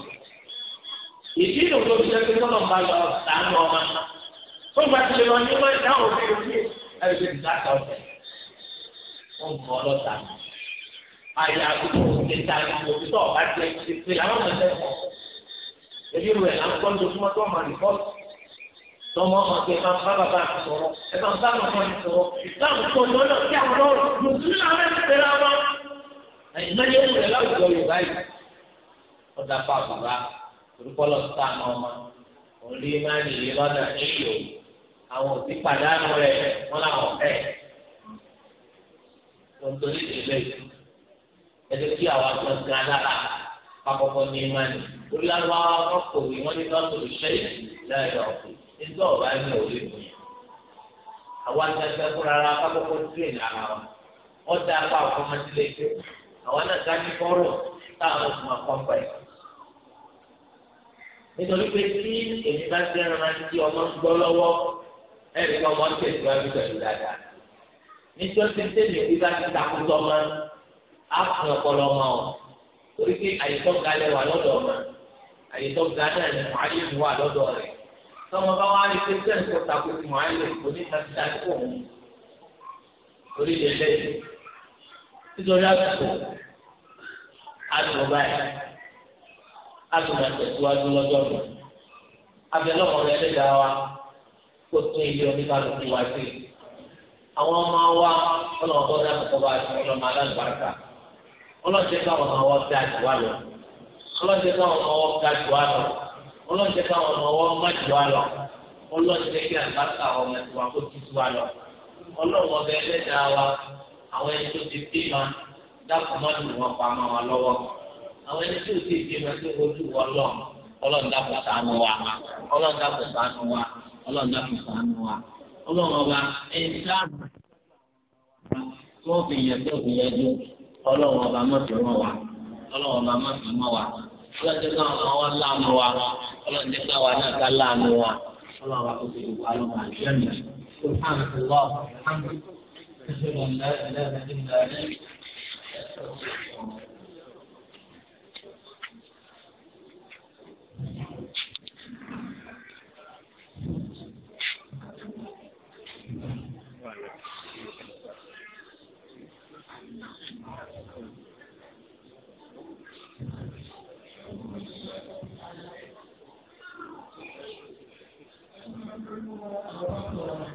ìdí ìlú tó fi jẹ́ pé tọ́lọ̀ ń bá lọ sàánú ọmọ tó gba ti lè lọ ní wọ́n dáhùn sí ẹ̀rọ ti dá ta ọ̀tẹ̀ ó ń bọ̀ ọlọ́ta àyà àgùkù òkè ta tó ọ̀bá ti ti làwọn ọ̀tẹ̀ pọ̀ ebi rẹ̀ là ń kọ́ lójúmọ́ tó ọmọ rìpọ́tù lọmọ ọmọ pé máa bá bàbá mi sọ̀rọ̀ ẹ máa bá bàbá mi sọ̀rọ̀ láwùjọ tó lọ́nà tí àwọn ọ̀rọ̀ lùsùn náà rẹ̀ ń tẹ̀lé wọn. ìnáyé ń rẹ̀ láwùjọ yorùbá yìí ọ̀dà pa bàbá orúkọ lọ sí àwọn ọmọ òní máa ń yìí lọ́nà níyò àwọn òbí pàdánù rẹ̀ wọ́n làwọn ẹ̀ nítorí ìdílé ẹni tí àwọn akọ̀ǹgá lára pápọ̀pọ̀ ní ìmánì orí àwọn akọ̀wé wọn ní lọ́sọ̀rọ̀ ṣẹ́yìn láì lọ́ọ̀kùn nígbà ọba ní òwe mi àwa gbẹgbẹ kó rárá kákòókò tírèèdì ara wa wọn dá apá àkọmọdélé pé àwọn náà ká ní kọrọ táwọn oṣù máa kọ pẹ nítorí pé tí èmi bá ti ẹran tí ọmọ ń gbọ́ lọ́wọ́ ẹnì kan wọn tẹsíwájú pẹ̀lú dáadáa nítorí tí tèmi bí bá ti takùtọ ọmọ á fún ọpọlọ ọmọ ọ torí pé àyètọ́ ga lẹ́wà lọ́dọ̀ ọmọ àyètọ́ ga náà ni wàá yé wà lọ́dọ̀ rẹ̀ tọmọ bá wàá rí pé sẹ́ni kò tako tí wọ́n á lò kò ní kàtà kó òun torí lè lẹ́yìn nítorí àtúntò àtúntò báyìí àtúntò àtẹ̀síwájú lọ́jọ́ mi abẹ́lọ́mọ rẹ lẹ́dàá wa kó tún ilé oníkàlùkù wá sí i àwọn ọmọ wa ọlọ́wọ́ bọ́ dáná kọ́ bá a sọ ọlọ́mọ alágbàrúkà ọlọ́jẹ́ káwọn ọmọ wa bí a lọ ọlọ́jẹ́ káwọn ọmọ wa bí a lọ ọlọ́ọ̀jẹ́ káwọn ọmọ wọn má jù wá lọ ọlọ́ọ̀jẹ́ kí àgbàkà ọmọ ìwà kó ti tu wá lọ ọlọ́wọ́ bẹ ẹlẹ́dàá wa àwọn ẹni tó ti bí ma dákun má lù wọn pa ma wà lọ́wọ́ àwọn ẹni tó ti bí ma tó ojú wọn lọ ọlọ́ọ̀dàkùn ṣàánú wa ọlọ́ọ̀dàkùn ṣàánú wa ọlọ́ọ̀dàkùn ṣàánú wa ọlọ́wọ́ bá ẹni sáàmù tó fi yẹ tó fi yẹ dún ọlọ́wọ́ bá mọ̀ fi mọ̀ wa ọlọ́wọ́ bá mọ̀ fi mọ̀ ọlọ́dẹ káwọn kan wá láàánú wa ọlọ́dẹ káwọn náà ká láàánú wa ọlọ́dẹ wa kò sì wà lọ́mọ àjẹmí. سبحانك اللهم وبحمدك أشهد لا إله إلا أنت أستغفرك àwọn àpapọ̀